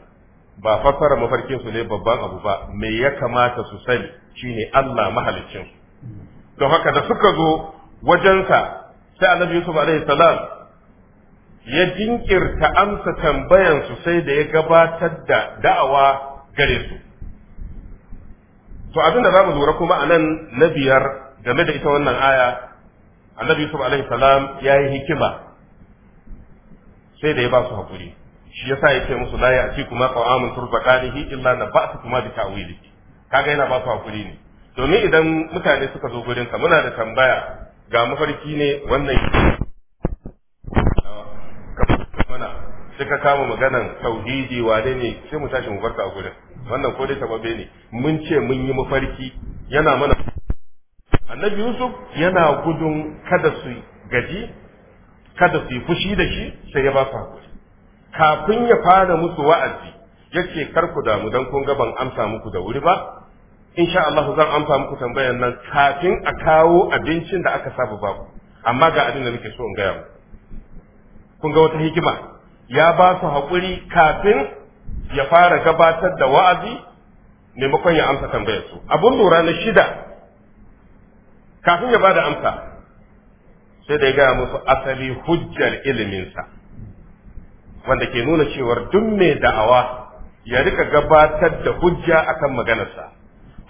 ba fassara mafarkin su ne babban abu ba me ya kamata su sani shine Allah mahaliccin su don haka da suka zo wajensa sai annabi yusuf alaihi salam ya jinkirta amsa tambayan su sai da ya gabatar da da'awa gare su to abin da za lura kuma anan na biyar game da ita wannan aya annabi yusuf alaihi salam ya yi hikima sai da ya ba su hakuri shi yasa yake musu la ya'ti kuma qa'amun turzaqanihi illa kuma bi ta'wili kaga yana ba su hakuri ne domin idan mutane suka zo gurin ka muna da tambaya ga mafarki ne wannan mana suka kama maganan tauhidi wane ne sai mu tashi mu farka a gurin wannan ko dai sababe ne mun ce mun yi mafarki yana mana annabi yusuf yana gudun kada su gaji kada su yi fushi da shi sai ya ba su hakuri kafin ya fara musu wa'azi yace kar ku damu dan kun ga ban amsa muku da wuri ba insha Allah zan amsa muku tambayan nan kafin a kawo abincin da aka saba ba amma ga abin da muke so in gaya mu. kun ga wata hikima ya ba su haƙuri kafin ya fara gabatar da wa'azi maimakon ya amsa tambayar su abun lura na shida kafin ya bada amsa sai da ya gaya musu asali hujjar iliminsa wanda ke nuna cewar duk mai da'awa ya rika gabatar da hujja akan maganarsa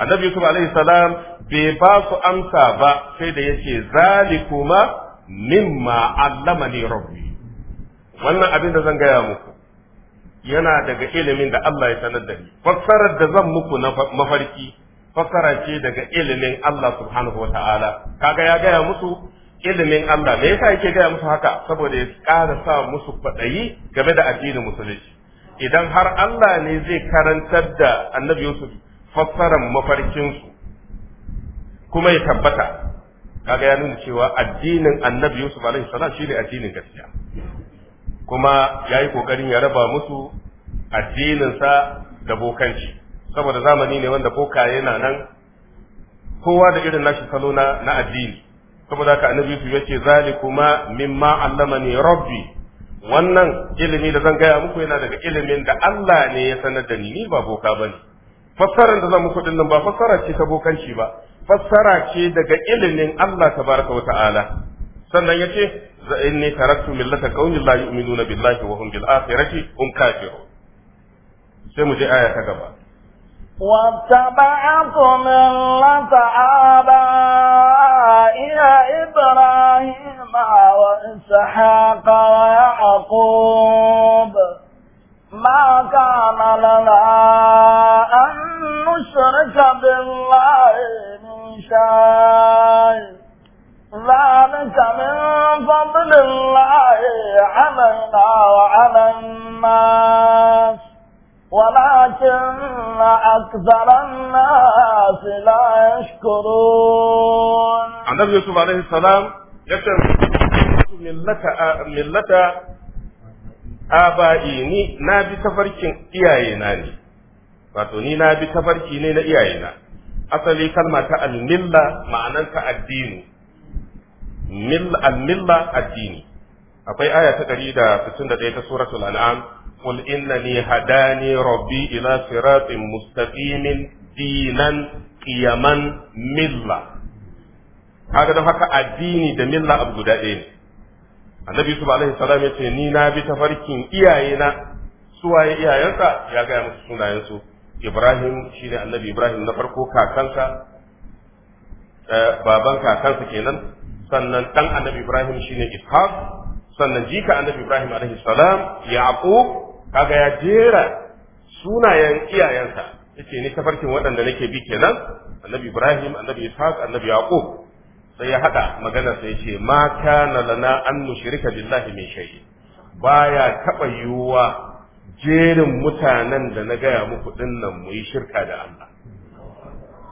annabi yusuf alaihi salam bai ba su amsa ba sai da yace zalikuma mimma allamani rabbi wannan abin da zan gaya muku yana daga ilimin da Allah ya sanar da ni fassarar da zan muku na mafarki fasara ce daga ilimin Allah subhanahu wa ta'ala kaga ya gaya musu ilimin Allah me yasa yake gaya musu haka saboda ya ƙara sa musu faɗayi game da addinin musulunci idan har Allah ne zai karantar da annabi Yusuf fassaran mafarkinsu kuma ya tabbata kaga ya nuna cewa addinin annabi Yusuf alaihi shi ne addinin gaskiya kuma ya yi kokarin ya raba musu addininsa da bokanci saboda zamani ne wanda bokaye na nan kowa da irin nashi salo na na addini saboda haka annabi su yace zalikuma mimma allamani rabbi wannan ilimi da zan gaya muku yana daga ilimin da Allah ne ya sanar da ni ni ba boka bane fassarar da zan muku din nan ba fassara ce ta bokanci ba fassara ce daga ilimin Allah tabaraka wa ta'ala sannan yace inni taraktu millata qaumin la yu'minuna billahi wa hum bil akhirati hum kafirun sai mu je aya ta gaba واتبعت ملة آبائي إبراهيم وإسحاق ويعقوب ما كان لنا أن نشرك بالله من شيء ذلك من فضل الله علينا وعلى الناس ولكن أكثر الناس لا يشكرون النبي يوسف عليه السلام يكتب ملة ملة آبائي ني نابي تفركين إياينا ني wato ni na bi tafarki ne na iyayena asali kalma ta almilla ma'ananta addini milla almilla addini akwai aya ta 161 ta suratul an'am قل إنني هداني ربي إلى صراط مستقيم دينا قيما ملة هذا ده هكا الدين ده ملة أبو دائم النبي صلى الله عليه وسلم يقول نينا بتفركين إيائنا سواء إيائنا يا جاي مسونا ينسو إبراهيم شين النبي إبراهيم نفرقو كاكنسا بابان kakansa كينا sannan dan annabi ibrahim shine ishaq sannan jika annabi ibrahim alaihi salam yaqub kaga ya jera sunayen iyayensa yake ni tafarkin waɗanda nake bi kenan annabi ibrahim annabi ishaq annabi yaqub sai ya hada magana sai yace ma kana lana an nushrika billahi min shay'in baya taba yiwuwa jerin mutanen da na gaya muku dinnan mu yi shirka da Allah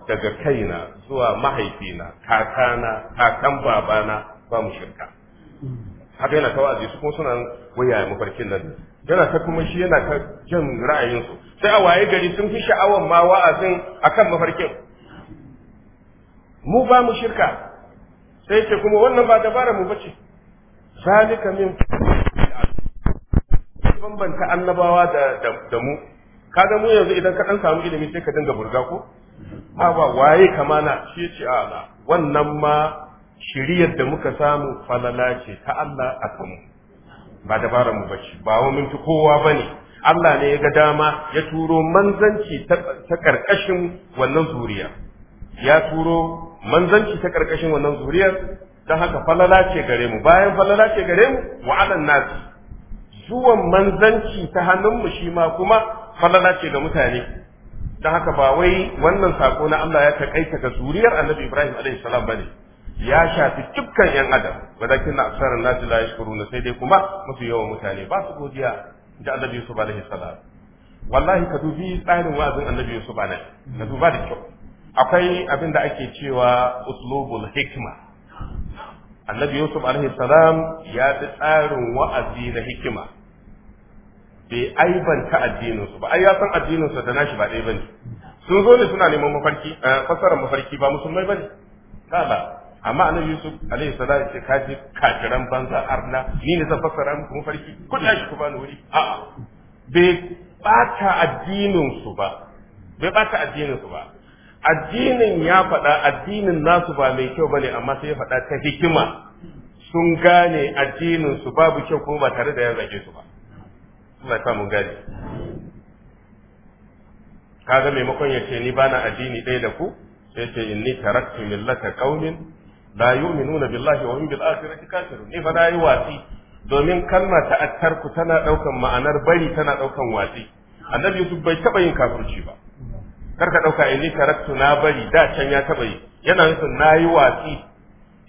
daga kaina zuwa mahaifina kakana kakan babana ba mu shirka haka yana a su kuma suna waya mafarkin nan yana ta kuma shi yana ta jan ra'ayinsu sai a waye gari sun fi sha'awan ma wa'azin kan mafarkin mu ba mu shirka sai ce kuma wannan ba dabara mu bace zalika min bambanta annabawa da da mu kaga mu yanzu idan ka dan samu ilimi sai ka dinga burga ko ba ba waye kamana shi ce a wannan ma shiriyar da muka samu falala ce ta Allah a kanmu ba dabarar mu bace ba wa mun kowa bane Allah ne ya ga dama ya turo manzanci ta karkashin wannan zuriya ya turo manzanci ta karkashin wannan zuriyar dan haka falala ce gare mu bayan falala ce gare mu wa alan nas zuwan manzanci ta hannun mu shi ma kuma falala ce ga mutane dan haka ba wai wannan sako na Allah ya takaita ga zuriyar Annabi Ibrahim alaihi salam bane ya shafi dukkan yan adam walakin aksarin nasu la yashkuruna sai dai kuma musu yawan mutane ba su godiya da annabi yusuf alaihi salam wallahi ka dubi tsarin wa'azin annabi yusuf alaihi ka duba da kyau akwai abin da ake cewa uslubul hikma annabi yusuf alaihi salam ya bi tsarin wa'azi na hikima bai aibanta addininsu ba ai ya san addininsu da nashi ba ɗaya bane sun zo ne suna neman mafarki eh, fasarar mafarki ba musulmai bane kala amma annabi yusuf alayhi salatu ya ce kaji banza arna ni ne zan fassara muku mafarki ku tashi ku bani wuri a'a bai bata addinin su ba bai bata addinin su ba addinin ya faɗa addinin nasu ba mai kyau bane amma sai ya faɗa ta hikima sun gane addinin su babu kyau kuma ba tare da ya zage su ba Allah ya mun gane kaga maimakon ya ce ni bana addini ɗaya da ku sai ce inni taraktu millata qaumin la yu'minuna billahi wa hum bil akhirati kafirun ni fa na yi watsi domin kalma ta ku tana daukan ma'anar bari tana daukan watsi annabi yusuf bai taba yin kafirci ba kar ka dauka inni taraktu na bari da can ya taba yi yana nufin na yi watsi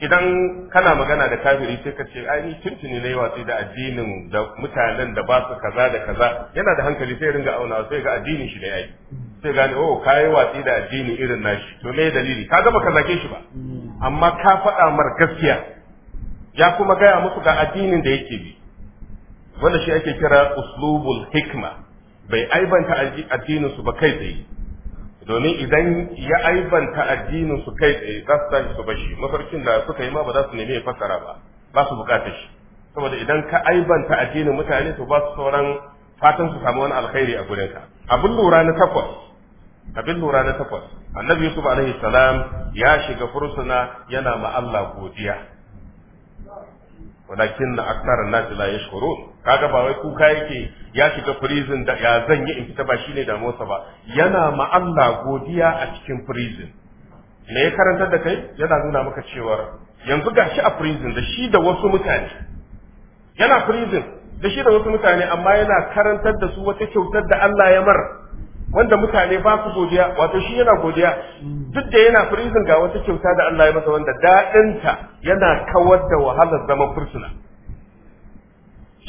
idan kana magana da kafiri sai ka ce ai ni tuntuni ne watsi da addinin da mutanen da ba su kaza da kaza yana da hankali sai ringa auna sai ga addinin shi da yayi sai gane oh kai watsi da addini irin nashi to me dalili ka ga baka zake shi ba amma ka faɗa mar gaskiya ya kuma gaya musu ga addinin da yake bi wanda shi ake kira uslubul hikma bai aibanta addinin su ba kai tsaye domin idan ya aibanta addinin su kai tsaye za su tashi su bashi mafarkin da suka yi ma ba za su nemi ya fassara ba ba su bukatar shi saboda idan ka aibanta addinin mutane to ba su sauran fatan su samu wani alkhairi a ka abin lura na takwas abin lura na takwas annabi yusuf alaihi salam ya shiga fursuna yana ma Allah godiya walakin na aksar na la kaga ba wai kuka yake ya shiga prison da ya zan yi in fita ba shine motsa ba yana ma Allah godiya a cikin prison ne ya karantar da kai yana nuna maka cewa yanzu gashi a prison da shi da wasu mutane yana prison da shi da wasu mutane amma yana karantar da su wata kyautar da Allah ya mar wanda mutane ba su godiya wato shi yana godiya duk da yana prison ga wata kyauta da Allah ya masa wanda daɗinta yana kawar da wahalar zaman furtuna.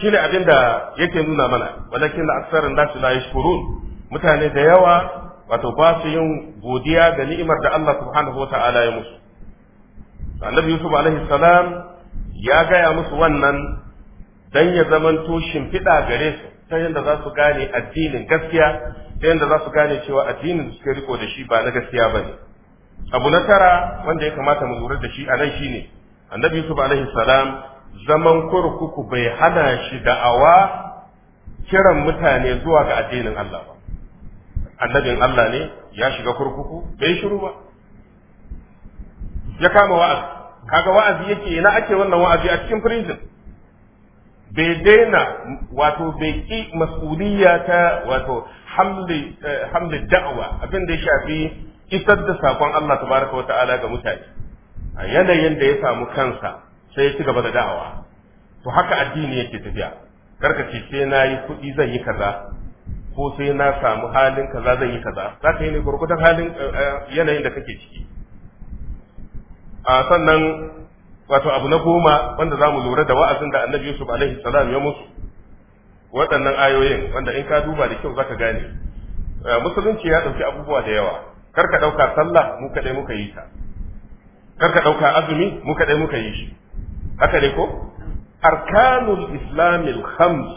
shi ne abin da yake nuna mana walakin da aksarin la yashkurun mutane da yawa wato ba su yin godiya da ni'imar da Allah subhanahu wa ta'ala ya musu annabi yusuf alaihi salam ya gaya musu wannan dan ya zamanto shimfiɗa gare su ta yadda za su gane addinin gaskiya ta yadda za su gane cewa addinin da suka riko da shi ba na gaskiya ba ne abu na tara wanda ya kamata mu lura da shi a nan shine annabi yusuf alaihi salam zaman kurkuku bai hana shi da'awa kiran mutane zuwa ga addinin Allah ba annabin Allah ne ya shiga kurkuku bai shiru ba ya kama wa'azi kaga wa'azi yake ina ake wannan wa'azi a cikin prison bai daina wato bai ki mas'uliyya ta wato eh, hamli da'awa abin da ya shafi isar da sakon Allah Ta baraka tabaraka ta'ala ga mutane a yanayin da ya samu kansa sai ya ci gaba da da'awa to haka addini yake tafiya karka ce sai na yi kuɗi zan yi kaza ko sai na samu halin kaza zan yi kaza za ka yi ne gurgudan halin eh, eh, yanayin da kake ciki a sannan wato abu na goma wanda za mu lura da wa'azin da annabi yusuf alaihi salam ya musu waɗannan ayoyin wanda in ka duba da kyau zaka gane eh, musulunci ya ɗauki abubuwa da yawa kar ka ɗauka sallah mu kaɗai muka yi ta kar ka ɗauka azumi mu kaɗai muka yi shi haka ne ko arkanul islamil khams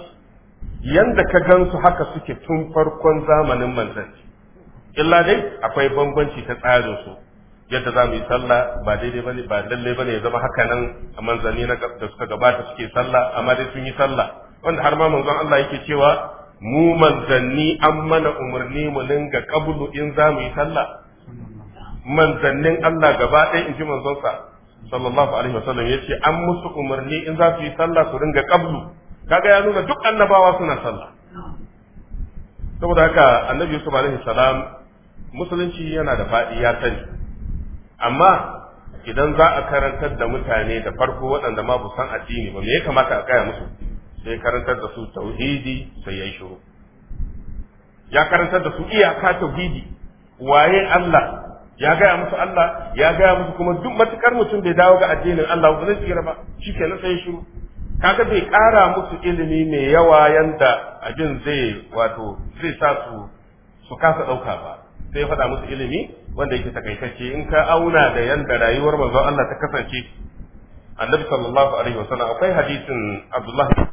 yanda ka gansu haka suke tun farkon zamanin manzanci illa dai akwai bambanci ta tsarin su yadda za mu yi sallah ba daidai bane ba lalle bane ya zama haka nan a manzanni da suka gabata suke sallah amma dai sun yi sallah wanda har ma manzon Allah yake cewa mu manzanni an mana umarni mu linga qablu in za mu yi sallah manzannin Allah gaba ɗaya in ji sa sallallahu alaihi wasallam yace an musu umarni in za su yi sallah su ringa qablu kaga ya nuna duk annabawa suna sallah saboda haka annabi yusuf alaihi salam musulunci yana da fadi ya sani amma idan za a karantar da mutane da farko waɗanda ma san addini ba me ya kamata a kaya musu sai karantar da su tauhidi sai ya yi shiru ya karantar da su iyaka tauhidi waye Allah ya gaya musu Allah ya gaya musu kuma duk matukar mutum bai dawo ga addinin Allah ba zai tsira ba shikenan sai ya shiru kaga bai kara musu ilimi mai yawa yanda abin zai wato zai sa su su kasa ɗauka ba sai ya faɗa musu ilimi wanda yake takaitacce in ka auna da yanda rayuwar manzon Allah ta kasance annabi sallallahu alaihi wasallam akwai hadisin Abdullahi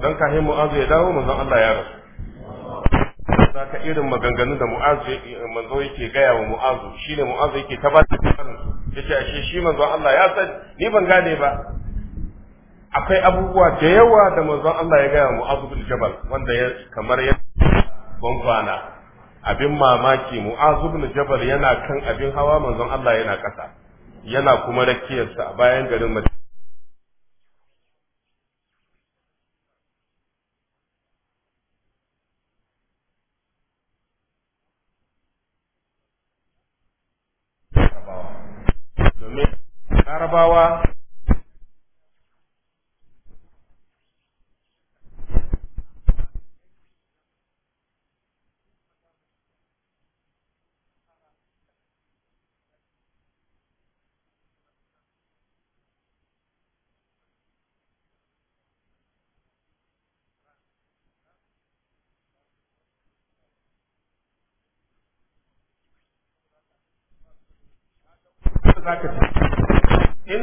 don kahin mu'azu ya dawo manzon Allah ya rasu ka irin maganganun da mu'azu eh, manzo yake gaya wa mu'azu shine mu'azu yake ta ba da yace ashe shi manzon Allah ya san ni ban gane ba akwai abubuwa da yawa da manzon Allah ya gaya wa mu'azu bin jabal wanda ya kamar ya bangwana abin mamaki mu'azu bin jabal yana kan abin hawa manzon Allah yana kasa yana kuma rakiyarsa bayan garin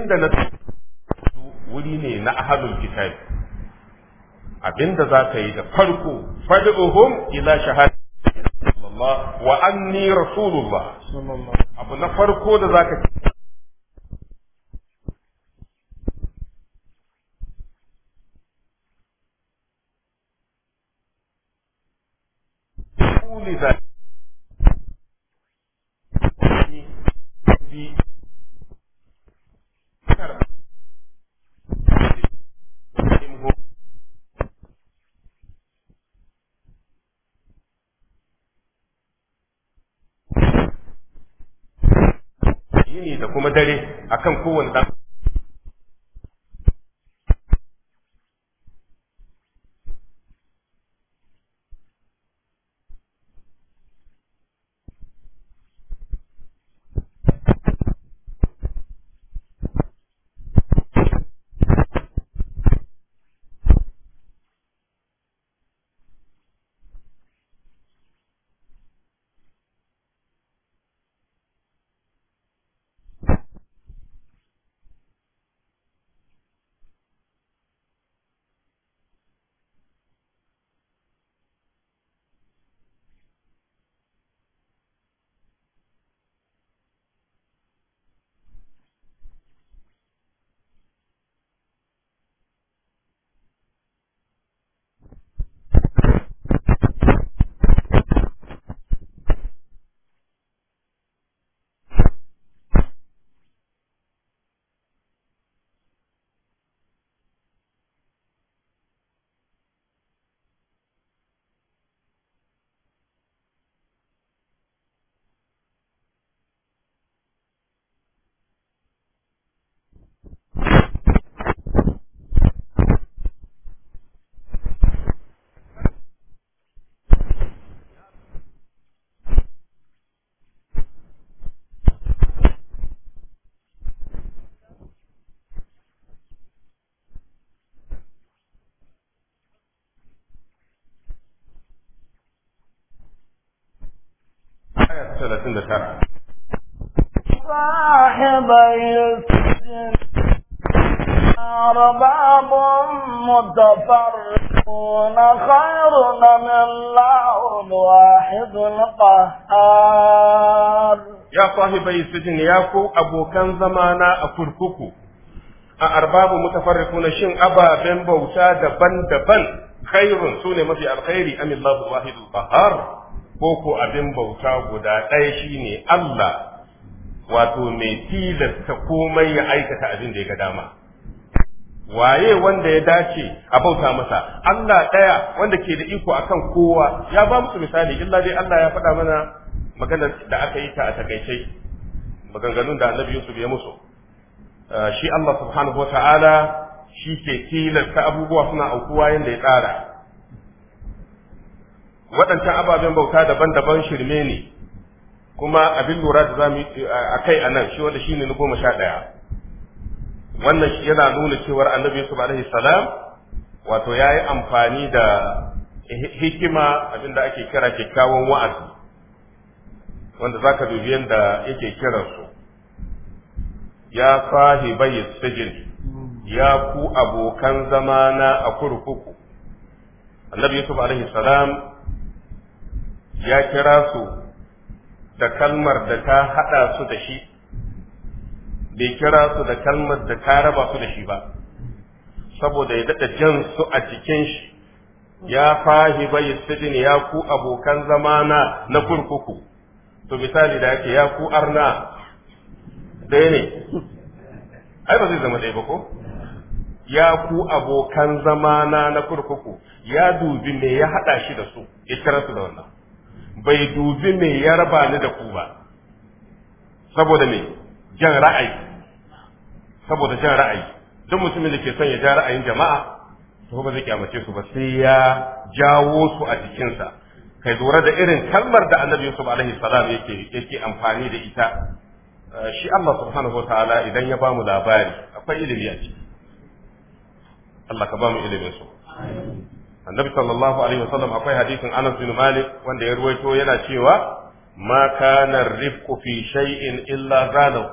inda na wuri ne na ahalul kitab abinda za ka yi da farko fad'uhum ila shahadati wa anni rasulullah abu na farko da zaka dare akan kowane dan Ya sahi bai su jini ya ku abokan zama na a kurkuku, a arbabu muta fara kuna shi ababen bauta daban-daban, kairun sune mafi alkhairi amin labu wahidu ba ko ko abin bauta guda ɗaya shine Allah wato mai tilasta komai ya aikata abin da ya ga dama waye wanda ya dace a bauta masa Allah ɗaya wanda ke da iko akan kowa ya ba musu misali illa dai Allah ya faɗa mana maganar da aka yi ta a takaice maganganun da Annabi Yusuf ya musu uh, shi Allah subhanahu wa shi ke tilasta abubuwa suna aukuwa yanda ya tsara waɗancan ababen bauta daban-daban shirme ne kuma abin lura da zamu a kai a nan shi wanda ne na goma sha ɗaya wannan yana nuna cewar annabi yusuf alaihi salam wato ya yi amfani da hikima abin da ake kira kyakkyawan wa'azi wanda zaka dubi yadda yake kiransu ya sahibai sijin ya ku abokan zamana a kurkuku annabi yusuf alaihi salam ya kira su da kalmar da ta haɗa su da shi bai kira su da kalmar da ta raba su da shi ba saboda ya daɗa jan su a jikin shi ya fahi bai sidin ya ku abokan zamana na kurkuku to misali da yake ya ku arna ɗaya ne ai ba zai zama ɗaya ba ko ya ku abokan zamana na kurkuku ya dubi me ya haɗa shi da su ya kira su da wannan bai dubi mai yarba raba ni da ku ba saboda me jan ra'ayi saboda jan ra'ayi duk mutumin da ke son ya ja ra'ayin jama'a to ba zai kyamace su ba sai ya jawo su a jikinsa kai lura da irin kalmar da annabi yusuf alaihi salam yake yake amfani da ita eh, shi Allah subhanahu wataala idan ya bamu labari akwai ilimi a ciki Allah ka bamu ilimin su annabi sallallahu alaihi wasallam akwai hadisin Anas bin Malik wanda ya ruwaito yana cewa ma kana rifqu fi shay'in illa zanahu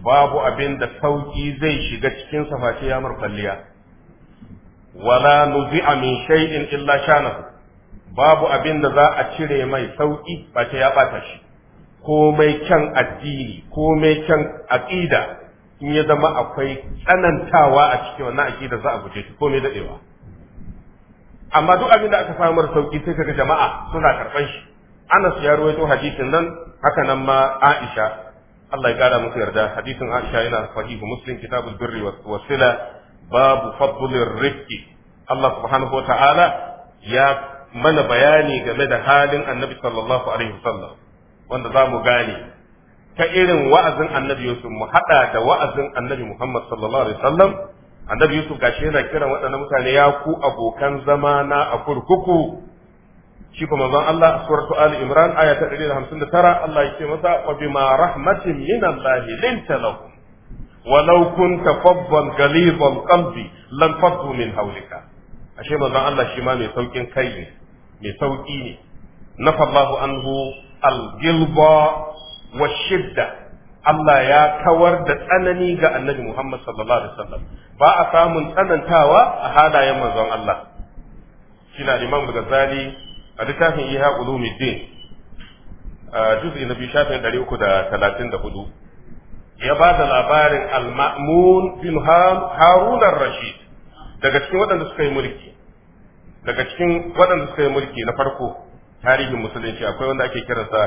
babu abin da sauki zai shiga cikin face ya murfalliya wala nuzi'a min shay'in illa shana babu abin da za a cire mai sauki ba ya bata shi komai kyan addini komai kyan aqida in ya zama akwai tsanantawa a cikin wannan aqida za a guje shi komai dadewa amma duk abin da aka samar sauki sai kaga jama'a suna karban shi Anas ya ruwaito hadisin nan haka nan ma Aisha Allah ya kara musu yarda hadisin Aisha yana sahihu Muslim kitabul birri was babu fadlir rifqi Allah subhanahu wa ta'ala ya mana bayani game da halin Annabi sallallahu alaihi wasallam wanda za mu gane ta irin wa'azin Annabi Yusuf mu hada da wa'azin Annabi Muhammad sallallahu alaihi wasallam annabi yusuf gashi yana kira waɗannan mutane ya ku abokan zama na a kurkuku shi kuma Allah a suratu Ali Imran aya ta 159 Allah yake masa wa bima rahmatin min Allah linta lahum walau kunta faddan ghalidhal qalbi lan faddu min hawlika ashe manzon Allah shi ma mai saukin kai ne mai sauki ne nafallahu anhu al-gilba wa shidda Allah ya kawar da tsanani ga annabi Muhammad sallallahu alaihi wasallam ba a samun tsanantawa a halayen manzon Allah shina Imam Ghazali a littafin Ihya Ulumuddin a juz'i na biyu 334 ya ba da labarin al-Ma'mun bin Harun rashid daga cikin waɗanda suka yi mulki daga cikin waɗanda suka yi mulki na farko tarihin musulunci akwai wanda ake kiransa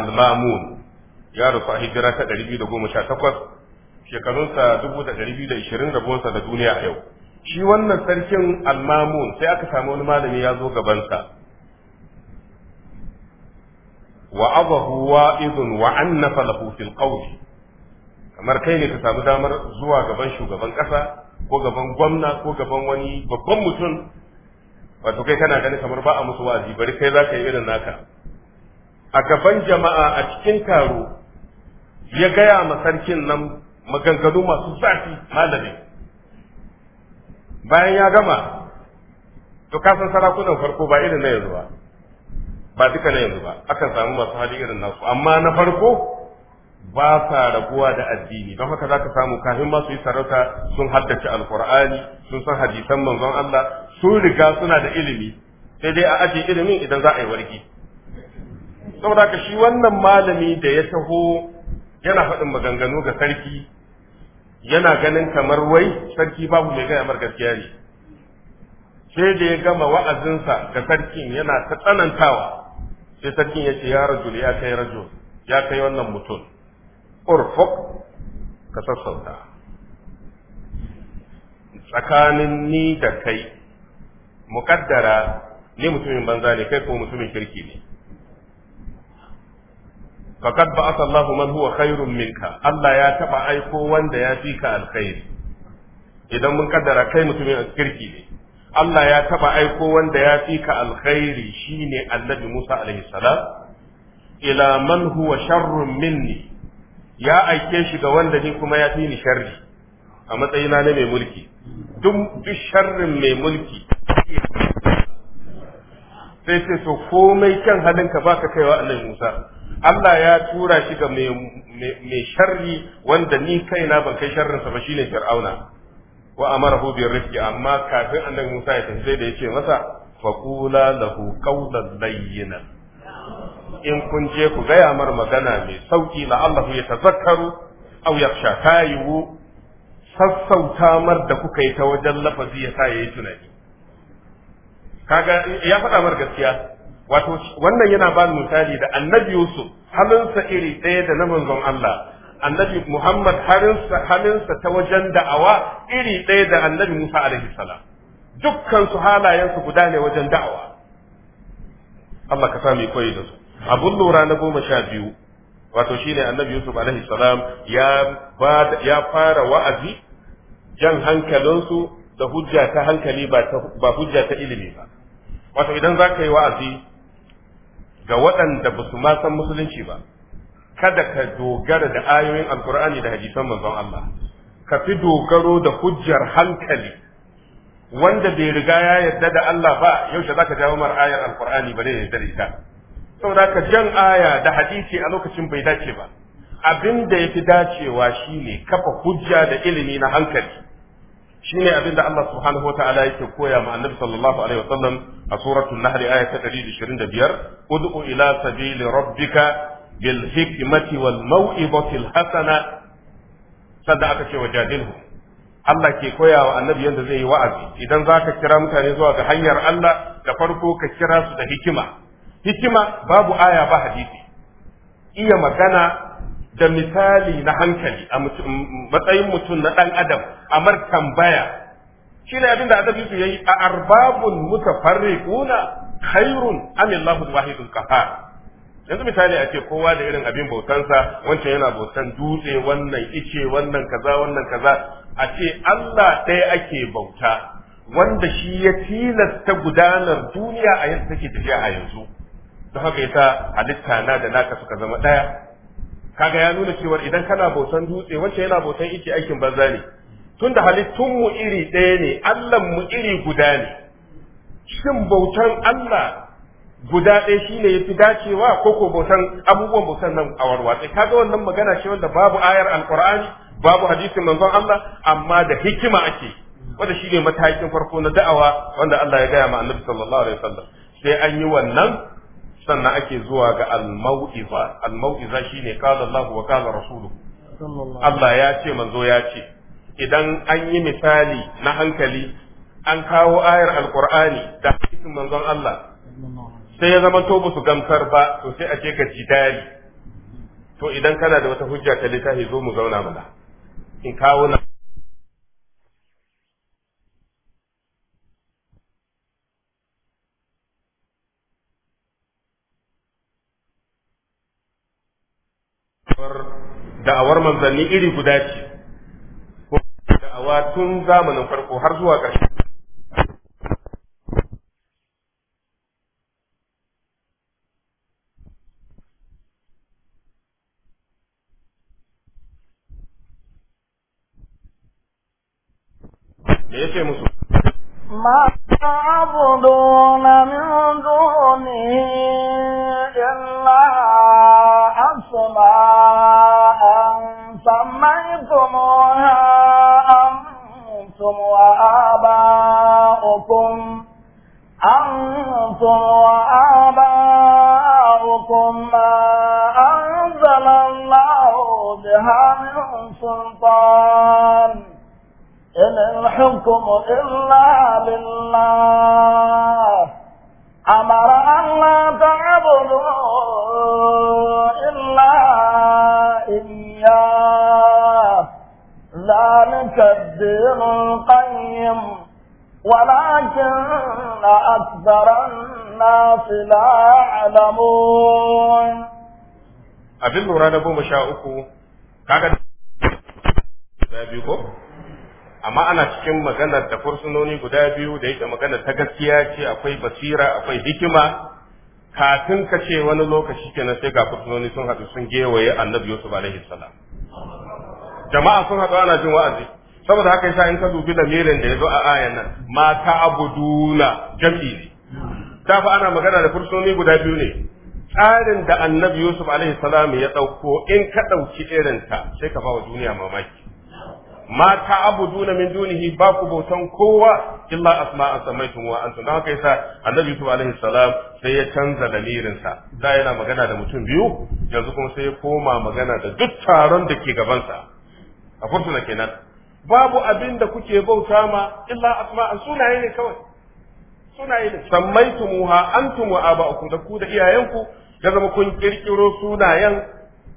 al-Ma'mun ya rasu a hijira ta 218 shekarunsa 220 rabuwarsa da duniya a yau shi wannan sarkin almamun sai aka samu wani malami ya zo gabansa wa abahu izun wa annafa lahu fil qawli kamar kai ne ka samu damar zuwa gaban shugaban kasa ko gaban gwamna ko gaban wani babban mutum wato kai kana gani kamar ba a musu wa'azi bari kai za ka yi irin naka a gaban jama'a a cikin taro ya gaya ma sarkin nan maganganu masu zafi malamin bayan ya gama to ka san sarakunan farko ba irin na yanzu ba ba duka na yanzu ba akan samu masu hali irin nasu amma na farko ba sa rabuwa da addini don haka zaka samu kafin ma su yi sarauta sun haddace alqur'ani sun san hadisan manzon Allah sun riga suna da ilimi sai dai a ajiye ilimin idan za a yi warki saboda ka shi wannan malami da ya taho yana faɗin maganganu ga sarki yana ganin kamar wai sarki babu mai gaya mar gaskiya ne sai da ya gama wa'azinsa ga sarkin yana ta tsanantawa sai sarkin ya ce ya rajul ya kai rajul ya kai wannan mutum urfuk ka sassauta tsakanin ni da kai mukaddara ni mutumin banza ne kai ko mutumin kirki ne faqad ba'atha Allahu man huwa khairun minka Allah ya taba aiko wanda ya fi ka alkhairi idan mun kaddara kai mutumin kirki ne Allah ya taba aiko wanda ya fi ka alkhairi shine Annabi Musa alaihi salam ila man huwa sharrun minni ya aike shi ga wanda ni kuma ya fi ni sharri a matsayina na mai mulki duk sharrin mai mulki sai sai so komai kyan ka baka kaiwa annabi Musa Allah ya tura shi ga mai sharri wanda ni kaina ban kai sharrinsa ba shine fir'auna wa hu bil rifqi amma kafin annabi Musa ya tafi da yace masa faqula lahu qawlan layyina in kun je ku gaya mar magana mai sauki la Allah ya tazakkaru aw yakhsha kayu sassauta mar da kuka yi ta wajen lafazi ya sa yayi tunani kaga ya faɗa mar gaskiya wato wannan yana ba misali da annabi yusuf halinsa iri ɗaya da na manzon allah annabi muhammad halinsa halinsa ta wajen da'awa iri ɗaya da annabi musa alaihi salam dukkan su halayensu guda ne wajen da'awa allah ka sami koyi da su abun lura na goma sha biyu wato shine annabi yusuf alaihi salam ya ya fara wa'azi jan hankalinsu da hujja ta hankali ba hujja ta ilimi ba wato idan za ka yi wa'azi ga waɗanda ba su ma san musulunci ba kada ka dogara da ayoyin alkur'ani da hadisan manzon Allah ka fi dogaro da hujjar hankali wanda bai riga ya yarda da Allah ba yaushe zaka jawo mar ayar alkur'ani ba ne ya yarda ita saboda ka jan aya da hadisi a lokacin bai dace ba abin da yafi dacewa shine kafa hujja da ilimi na hankali ne abin da Allah subhanahu ta'ala yake koya ma annabi sallallahu alaihi wasallam a suratun nahl aya ta 125 ud'u ila sabili rabbika bil hikmati wal mau'izati al hasana sanda aka ce wa jadilhu Allah ke koya wa annabi yadda zai yi wa'azi idan za ka kira mutane zuwa ga hanyar Allah da farko ka kira su da hikima hikima babu aya ba hadisi iya magana da misali na hankali a matsayin mutum na ɗan adam amar tambaya shi ne abin da adabi su yayi a arbabun kuna hairun am Allahu wahidul Kafa. yanzu misali a ce kowa da irin abin bautansa wancan yana bautan dutse wannan ice wannan kaza wannan kaza a ce Allah ɗaya ake bauta wanda shi ya tilasta gudanar duniya a yadda take tafiya a yanzu don haka yasa halitta na da naka suka zama ɗaya kaga ya nuna cewa idan kana bautan dutse wacce yana bautan ice aikin banza ne tunda halittun mu iri ɗaya ne Allah mu iri guda ne shin bautan Allah guda ɗaya shine yafi dacewa ko ko bautan abubuwan bautan nan a warwatse kaga wannan magana ce wanda babu ayar alqur'ani babu hadisin manzon Allah amma da hikima ake wanda shine matakin farko na da'awa wanda Allah ya gaya ma Annabi sallallahu alaihi wasallam sai an yi wannan sannan ake zuwa ga al-mau'iza al-mau'iza shine qala Allah wa qala rasuluhu Allah ya ce manzo ya ce idan an yi misali na hankali an kawo ayar alqur'ani da hadisin manzon Allah sai ya zama to su gamsar ba to sai a ce ka jidali to idan kana da wata hujja ta littafi zo mu zauna mana in kawo na manzanni iri guda ce ko da'awa tun zamanin farko har zuwa ƙarshe me yake musu ma ta'buduna min dunihi أنتم وآباؤكم أنتم وآباؤكم ما أنزل الله بها من سلطان إن الحكم إلا لله أمر أن لا تعبدوا ذلك الدين القيم ولكن أكثر الناس لا يعلمون abin lura na goma sha uku guda biyu ko amma ana cikin maganar da fursunoni guda biyu da yake maganar ta gaskiya ce akwai basira akwai hikima kafin ka ce wani lokaci kenan sai ga fursunoni sun haɗu sun gewaye annabi yusuf alaihi salam jama'a sun haɗu ana jin wa'azi saboda haka yasa in ka dubi lamirin da ya zo a ayan nan ma ta'buduna jam'i ne ta fa ana magana da fursoni guda biyu ne tsarin da annabi yusuf alaihi salam ya ɗauko in ka ɗauki irinta sai ka bawa duniya mamaki ma ta'buduna min dunihi ba ku bautan kowa illa asma'an samaitum wa antum dan haka yasa annabi yusuf alaihi salam sai ya canza lamirinsa sa da yana magana da mutum biyu yanzu kuma sai ya koma magana da duk taron da ke gabansa. sa a fursuna kenan babu abin da kuke bauta ma illa an sunaye ne kawai sunaye ne sammaitumuha antum wa aba'ukum da ku da iyayenku da zama kun kirkiro sunayen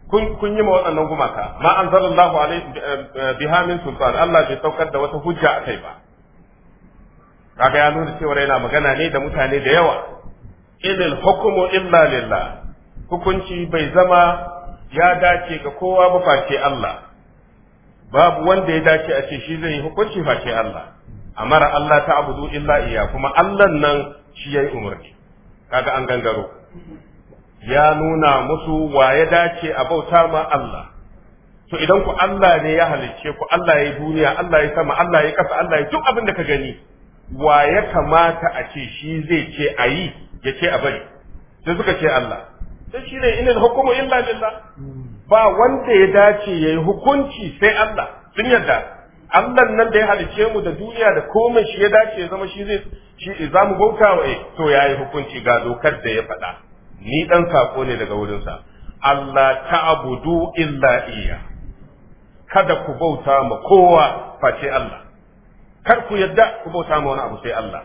kun kun yi ma waɗannan gumaka ma anzalallahu alaihi eh, eh, biha min sultan Allah bai saukar da wata hujja akai ba kaga ya nuna cewa yana magana ne da mutane da yawa inil hukmu illa lillah hukunci bai zama ya dace ga kowa ba face Allah babu wanda ya dace a ce shi zai yi hukunci face Allah amara Allah ta abudu illa iya kuma Allah nan shi yayi umarni kaga an gangaro ya nuna musu wa ya dace a bauta ma Allah to idan ku Allah ne ya halicce ku Allah ya yi duniya Allah ya sama Allah ya kasa Allah ya duk abin da ka gani wa ya kamata a ce shi zai ce a yi ya ce a bari sai suka ce Allah sai shi ne inil hukumu illa lillah ba wanda ya dace ya yi hukunci sai Allah sun yadda Allah nan da ya halice mu da duniya da komai shi ya dace ya zama shi zai shi za mu bauta wa eh, to ya yi hukunci ga dokar da ya faɗa ni ɗan sako ne daga wurinsa Allah ta'budu illa iya kada ku bauta ma kowa face Allah kar ku yadda ku bauta ma wani abu sai Allah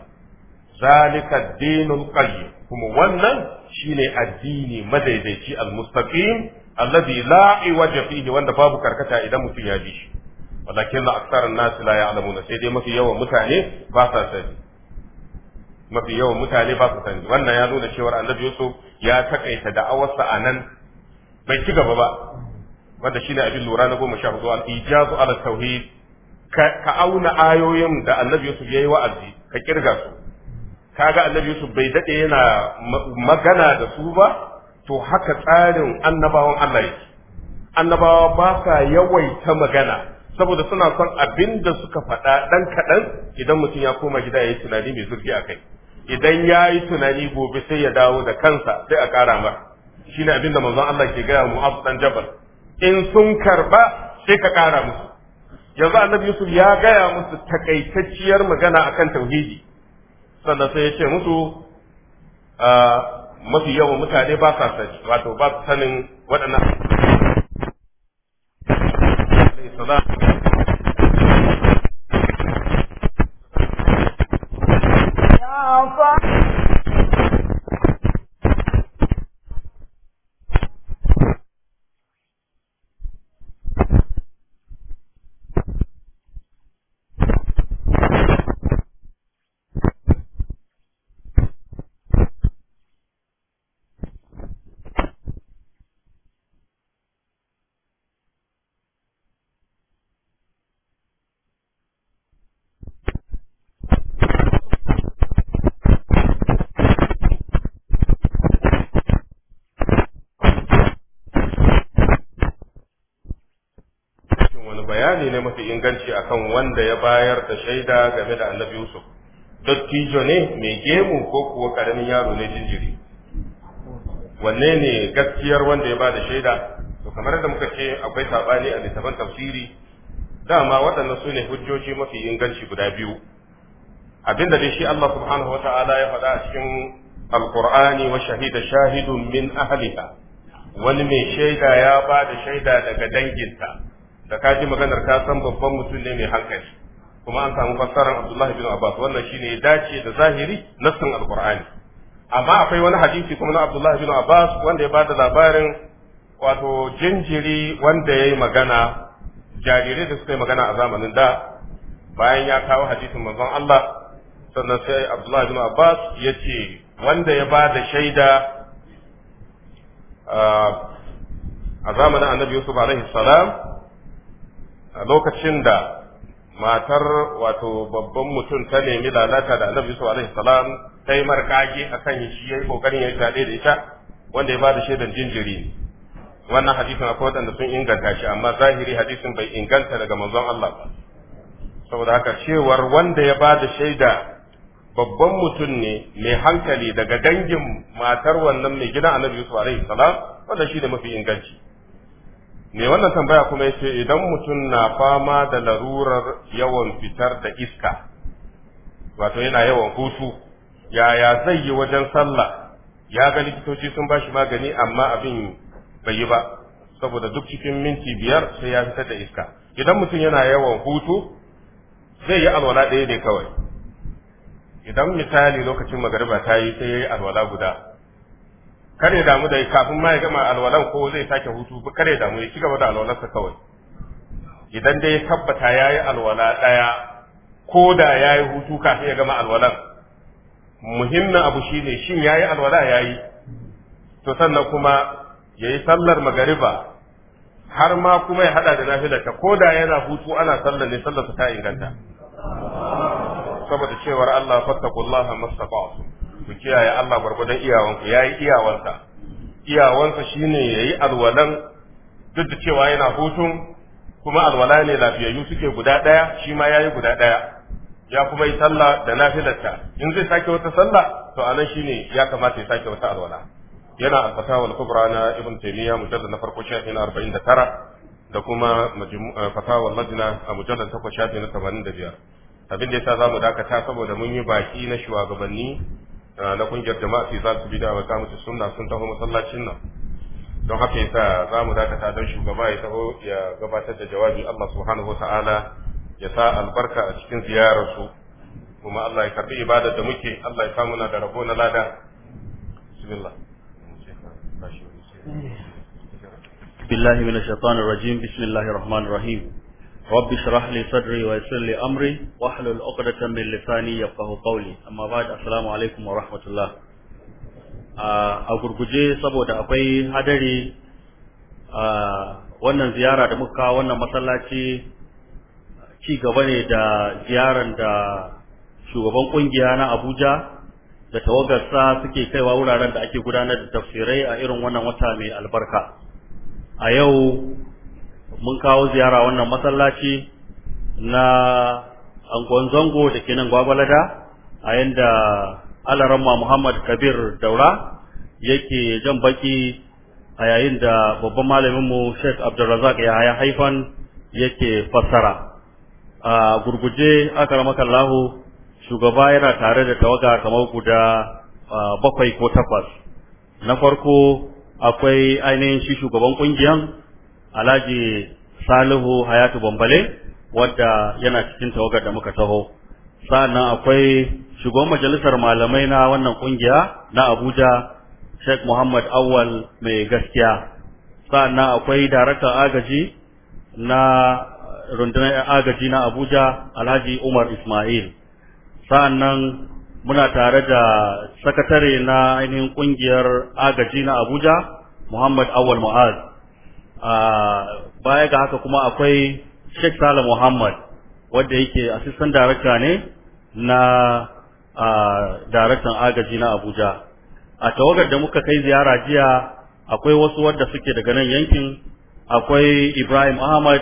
zalika dinul qayyim kuma wannan shine addini madaidaici al-mustaqim alladhi la iwaja fihi wanda babu karkata idan mutum ya bi shi walakin la aktharun nas la ya'lamuna sai dai mafi yawan mutane ba sa sani mafi yawan mutane ba su sani wannan ya nuna cewar annabi Yusuf ya takaita da'awarsa a nan bai ci gaba ba wanda shine abin lura na goma sha hudu al-ijazu ala tauhid ka auna ayoyin da annabi Yusuf yayi wa'azi ka kirga su kaga annabi Yusuf bai dade yana magana da su ba to haka tsarin annabawan Allah yake annabawa ba sa yawaita magana saboda suna son abin da suka faɗa ɗan kaɗan idan mutum ya koma gida ya yi tunani mai zurfi a kai idan ya yi tunani gobe sai ya dawo da kansa sai a ƙara mar shi ne abin da manzon Allah ke gaya abu ɗan jabal in sun karɓa sai ka ƙara musu yanzu annabi yusuf ya gaya musu takaitacciyar magana akan tauhidi sannan sai ya ce musu ah, mafi yawa mutane ba sa sani wato ba su sanin waɗannan alaihi ne mafi inganci akan wanda ya bayar da shaida game da annabi Yusuf dattijo ne mai gemu ko kuwa karamin yaro ne jinjiri wanne ne gaskiyar wanda ya ba da shaida to kamar da muka ce akwai sabani a littafin tafsiri dama waɗannan su ne hujjoji mafi inganci guda biyu abin da shi Allah subhanahu wa ya faɗa a cikin alqur'ani wa shahida shahidun min ahliha wani mai shaida ya ba da shaida daga danginta da ka ji maganar ka san babban mutum ne mai hankali kuma an samu fassarar Abdullahi bin Abbas wannan shine ya dace da zahiri nassin Alqur'ani amma akwai wani hadisi kuma na Abdullahi bin Abbas wanda ya bada labarin wato jinjiri wanda yayi magana jarirai da suka yi magana a zamanin da bayan ya kawo hadisin manzon Allah sannan sai Abdullahi bin Abbas ya ce wanda ya ba da shaida a zamanin annabi Yusuf alaihi salam a lokacin da matar wato babban mutum ta nemi lalata da annabi yusuf alaihi salam ta yi markage akan shi yayi kokarin ya tade da ita wanda ya bada shaidan jinjiri wannan hadisin akwai wadanda sun inganta shi amma zahiri hadisin bai inganta daga manzon Allah ba saboda haka cewar wanda ya bada shaida babban mutum ne mai hankali daga dangin matar wannan mai gidan annabi yusuf alaihi salam wanda shi ne mafi inganci me wannan tambaya kuma ya ce idan mutum na fama da larurar yawan fitar da iska wato yana yawan hutu yaya zai yi wajen sallah ya ga likitoci sun bashi magani amma abin bai yi ba saboda duk cikin minti biyar sai ya fitar da iska idan mutum yana yawan hutu zai yi alwala ɗaya ne kawai idan misali lokacin magariba ta yi sai ya yi alwala guda kar ya damu da kafin ma ya gama alwalan ko zai sake hutu ba kar ya damu ya ci gaba da alwalarsa kawai idan dai ya tabbata ya yi alwala ɗaya ko da ya yi hutu kafin ya gama alwalan muhimmin abu shi ne, shin ya yi alwala ya yi to sannan kuma ya yi sallar magariba har ma kuma ya haɗa da nafilarta ko da yana hutu ana sallar ne sallar ta inganta saboda cewar Allah fattakullaha mastaqatu ku kiyaye Allah gwargwadon iyawanku ya yi iyawansa iyawansa shine yi alwalan duk da cewa yana hutun kuma alwala ne lafiyayyu suke guda ɗaya shi ma yi guda ɗaya ya kuma yi sallah da nafilarta in zai sake wata sallah to anan shine ya kamata ya sake wata alwala yana alfata fatawa kubra na ibn taymiya mujallad na farko shafi na 49 da kuma eh, fatawa al-lajna a mujallad takwas shafi na 85 abin da yasa zamu dakata saboda mun yi baki na shugabanni Ah, na kungiyar jama'a fi za su bi da mutu sunna sun taho masallacin nan don haka yasa za mu dakata don shugaba ya taho ya gabatar da jawabi Allah subhanahu ta'ala ya sa albarka a cikin ziyararsu kuma Allah ya karbi ibada da muke Allah ya samu na da rabo na lada bismillah بالله رب Amri wa صدري ويسر لي امري واحلل عقدة من لساني يفقهوا قولي اما بعد السلام عليكم wa الله a gurguje saboda akwai hadari a ah, wannan ziyara da muka wannan masallaci ci gaba ne da ziyaran da shugaban kungiya na Abuja da tawagarsa suke kaiwa wuraren da ake gudanar da tafsirai a irin wannan wata mai albarka a yau mun kawo ziyara wannan masallaci na angon zango da ke nan gwagwalada a yanda alaramma muhammad kabir daura yake jan baki a yayin da babban malaminmu sheikh abdulrazak ya haya haifan yake fassara a gurguje kallahu shugaba yana tare da tawaga kamar guda bakwai ko takwas na farko akwai ainihin shi shugaban kungiyan alhaji salihu hayatu bambale wadda yana cikin tawagar da muka taho sa'annan akwai shugaban majalisar malamai na wannan kungiya na abuja sheikh muhammad awal mai gaskiya sa'annan akwai daraktan agaji na rundunar agaji na abuja alhaji umar ismail sa'annan muna tare da sakatare na ainihin kungiyar agaji na abuja muhammad awal mu'az baya ga haka kuma akwai Sheikh Salah Muhammad wanda yake assistant director ne na daraktan agaji na Abuja a tawagar da muka kai ziyara jiya akwai wasu wadda suke daga nan yankin akwai Ibrahim Ahmad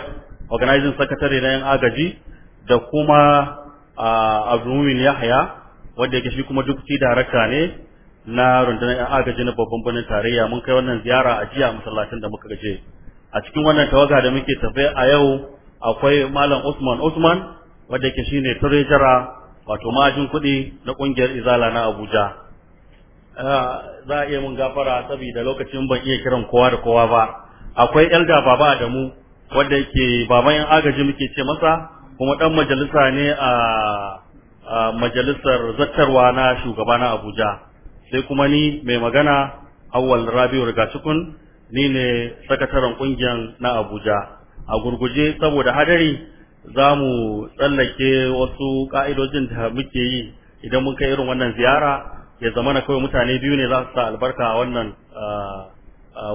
organizing secretary na yan agaji da kuma Abdulmumin Yahya wanda yake shi kuma deputy director ne na rundunar yan agaji na babban birnin tarayya mun kai wannan ziyara a jiya masallacin da muka gaje a cikin wannan tawaga da muke tafe a yau akwai malam Usman Usman wanda ke shine treasurer wato majin kuɗi na ƙungiyar Izala na Abuja ah, za a iya mun gafara saboda lokacin ban iya kiran kowa da kowa ba akwai elda baba Adamu mu wanda yake baban yan agaji muke ce masa kuma dan majalisa ne a majalisar zattarwa na shugaba na Abuja sai kuma ni mai magana Awwal Rabi'u Rigacikun ni ne sakataren kungiyar na Abuja a gurguje saboda hadari za mu tsallake wasu ka'idojin da muke yi idan mun kai irin wannan ziyara ya zama na kawai mutane biyu ne za su sa albarka a wannan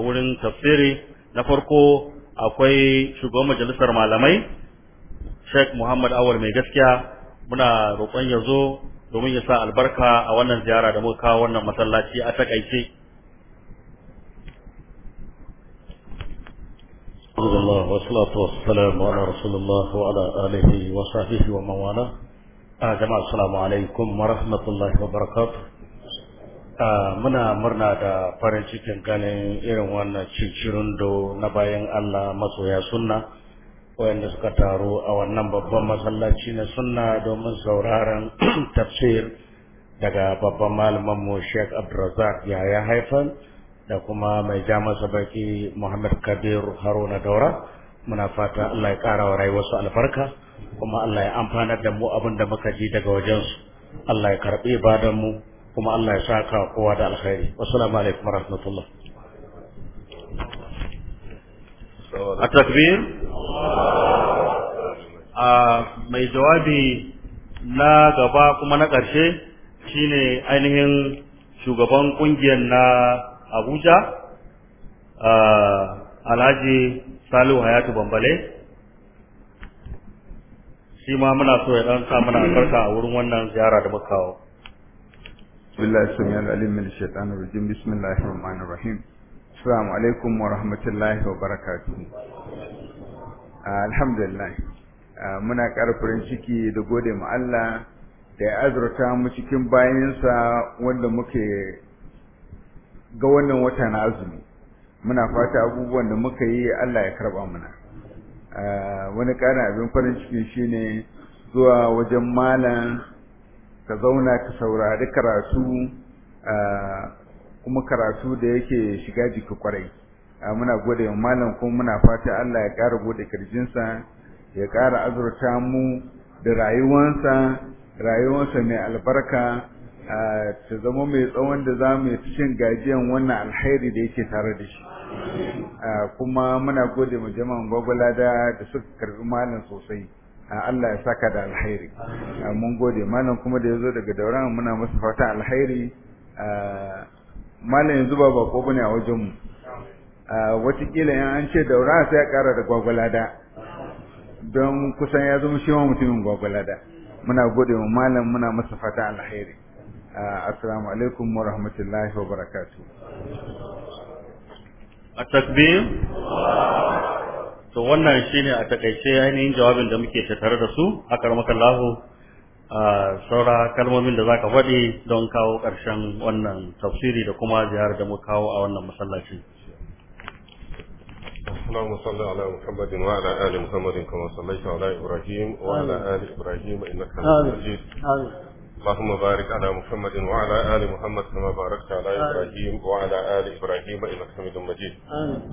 wurin tafsiri na farko akwai shugaban majalisar malamai Sheikh Muhammad Awal mai gaskiya muna roƙon ya zo domin ya sa albarka a wannan ziyara da muka kawo wannan masallaci a takaice الحمد لله والصلاة والسلام على رسول الله وعلى آله وصحبه ومن والاه آه جماعة السلام عليكم ورحمة الله وبركاته آه منا مرنا دا farin cikin ganin irin wannan cincirin do na bayan Allah masoya sunna wayanda suka taro a wannan babban masallaci na sunna domin sauraron tafsir daga babban malamin mu Sheikh Abdulrazak Yahaya Haifan da kuma mai ja masa baki Muhammad Kabir Haruna Daura muna fata Allah ya ƙara wa rayuwarsu alfarka kuma Allah ya amfanar da mu abin da muka ji daga wajensu Allah ya karɓi ibadan mu kuma Allah ya saka kowa da alkhairi assalamu alaikum warahmatullah at-takbir a mai jawabi na gaba kuma na ƙarshe shine ainihin shugaban ƙungiyar na abuja uh, alhaji salihu hayatu bambale shi ma muna so ya dan sa muna albarka a wurin wannan ziyara da muka kawo billahi samiyal alim min shaitanir rajim bismillahir rahmanir rahim assalamu alaikum wa rahmatullahi wa barakatuh uh, alhamdulillah uh, muna ƙara farin ciki da gode ma Allah da ya azurta mu cikin bayansa wanda muke ga wannan wata na azumi muna fata abubuwan da muka yi Allah ya karba mana wani ƙarin abin farin ciki shine zuwa wajen malam ka zauna ka saurari karatu kuma karatu da yake shiga jiki kwarai muna gode wa malam kuma muna fata Allah ya ƙara gode kirjinsa ya ƙara azurta mu da rayuwansa rayuwansa mai albarka ta zama mai tsawon da za mu yi cin gajiyan wannan alheri da yake tare da shi kuma muna gode mu jama'an gwagwala da su suka malam sosai Allah ya saka da alheri mun gode malam kuma da ya zo daga dauran muna masa fata alheri malam yanzu ba bako bane a wajenmu watakila yan an ce daura sai ya kara da gwagwalada don kusan ya zama shi mutumin gwagwalada muna gode wa malam muna masa fata alheri assalamu alaikum wa rahmatullahi wa barakatu. a takbir to wannan shine a takaice ainihin jawabin da muke tattare da su a lahu a ah, saura kalmomin da zaka faɗi don kawo ƙarshen wannan tafsiri da kuma ziyarar da muka kawo a wannan masallaci اللهم صل على محمد وعلى ال محمد كما صليت على ابراهيم وعلى ال ابراهيم انك حميد مجيد اللهم بارك على محمد وعلى آل محمد كما باركت على إبراهيم وعلى آل إبراهيم إنك حميد مجيد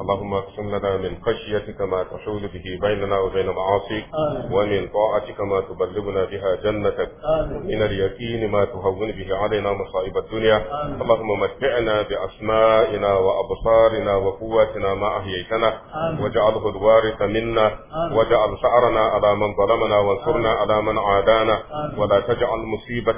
اللهم اقسم لنا من خشيتك ما تحول به بيننا وبين معاصيك ومن طاعتك ما تبلغنا بها جنتك من اليقين ما تهون به علينا مصائب الدنيا اللهم متعنا بأسمائنا وأبصارنا وقواتنا ما أحييتنا واجعله الوارث منا واجعل شعرنا على من ظلمنا وانصرنا على من عادانا ولا تجعل مصيبة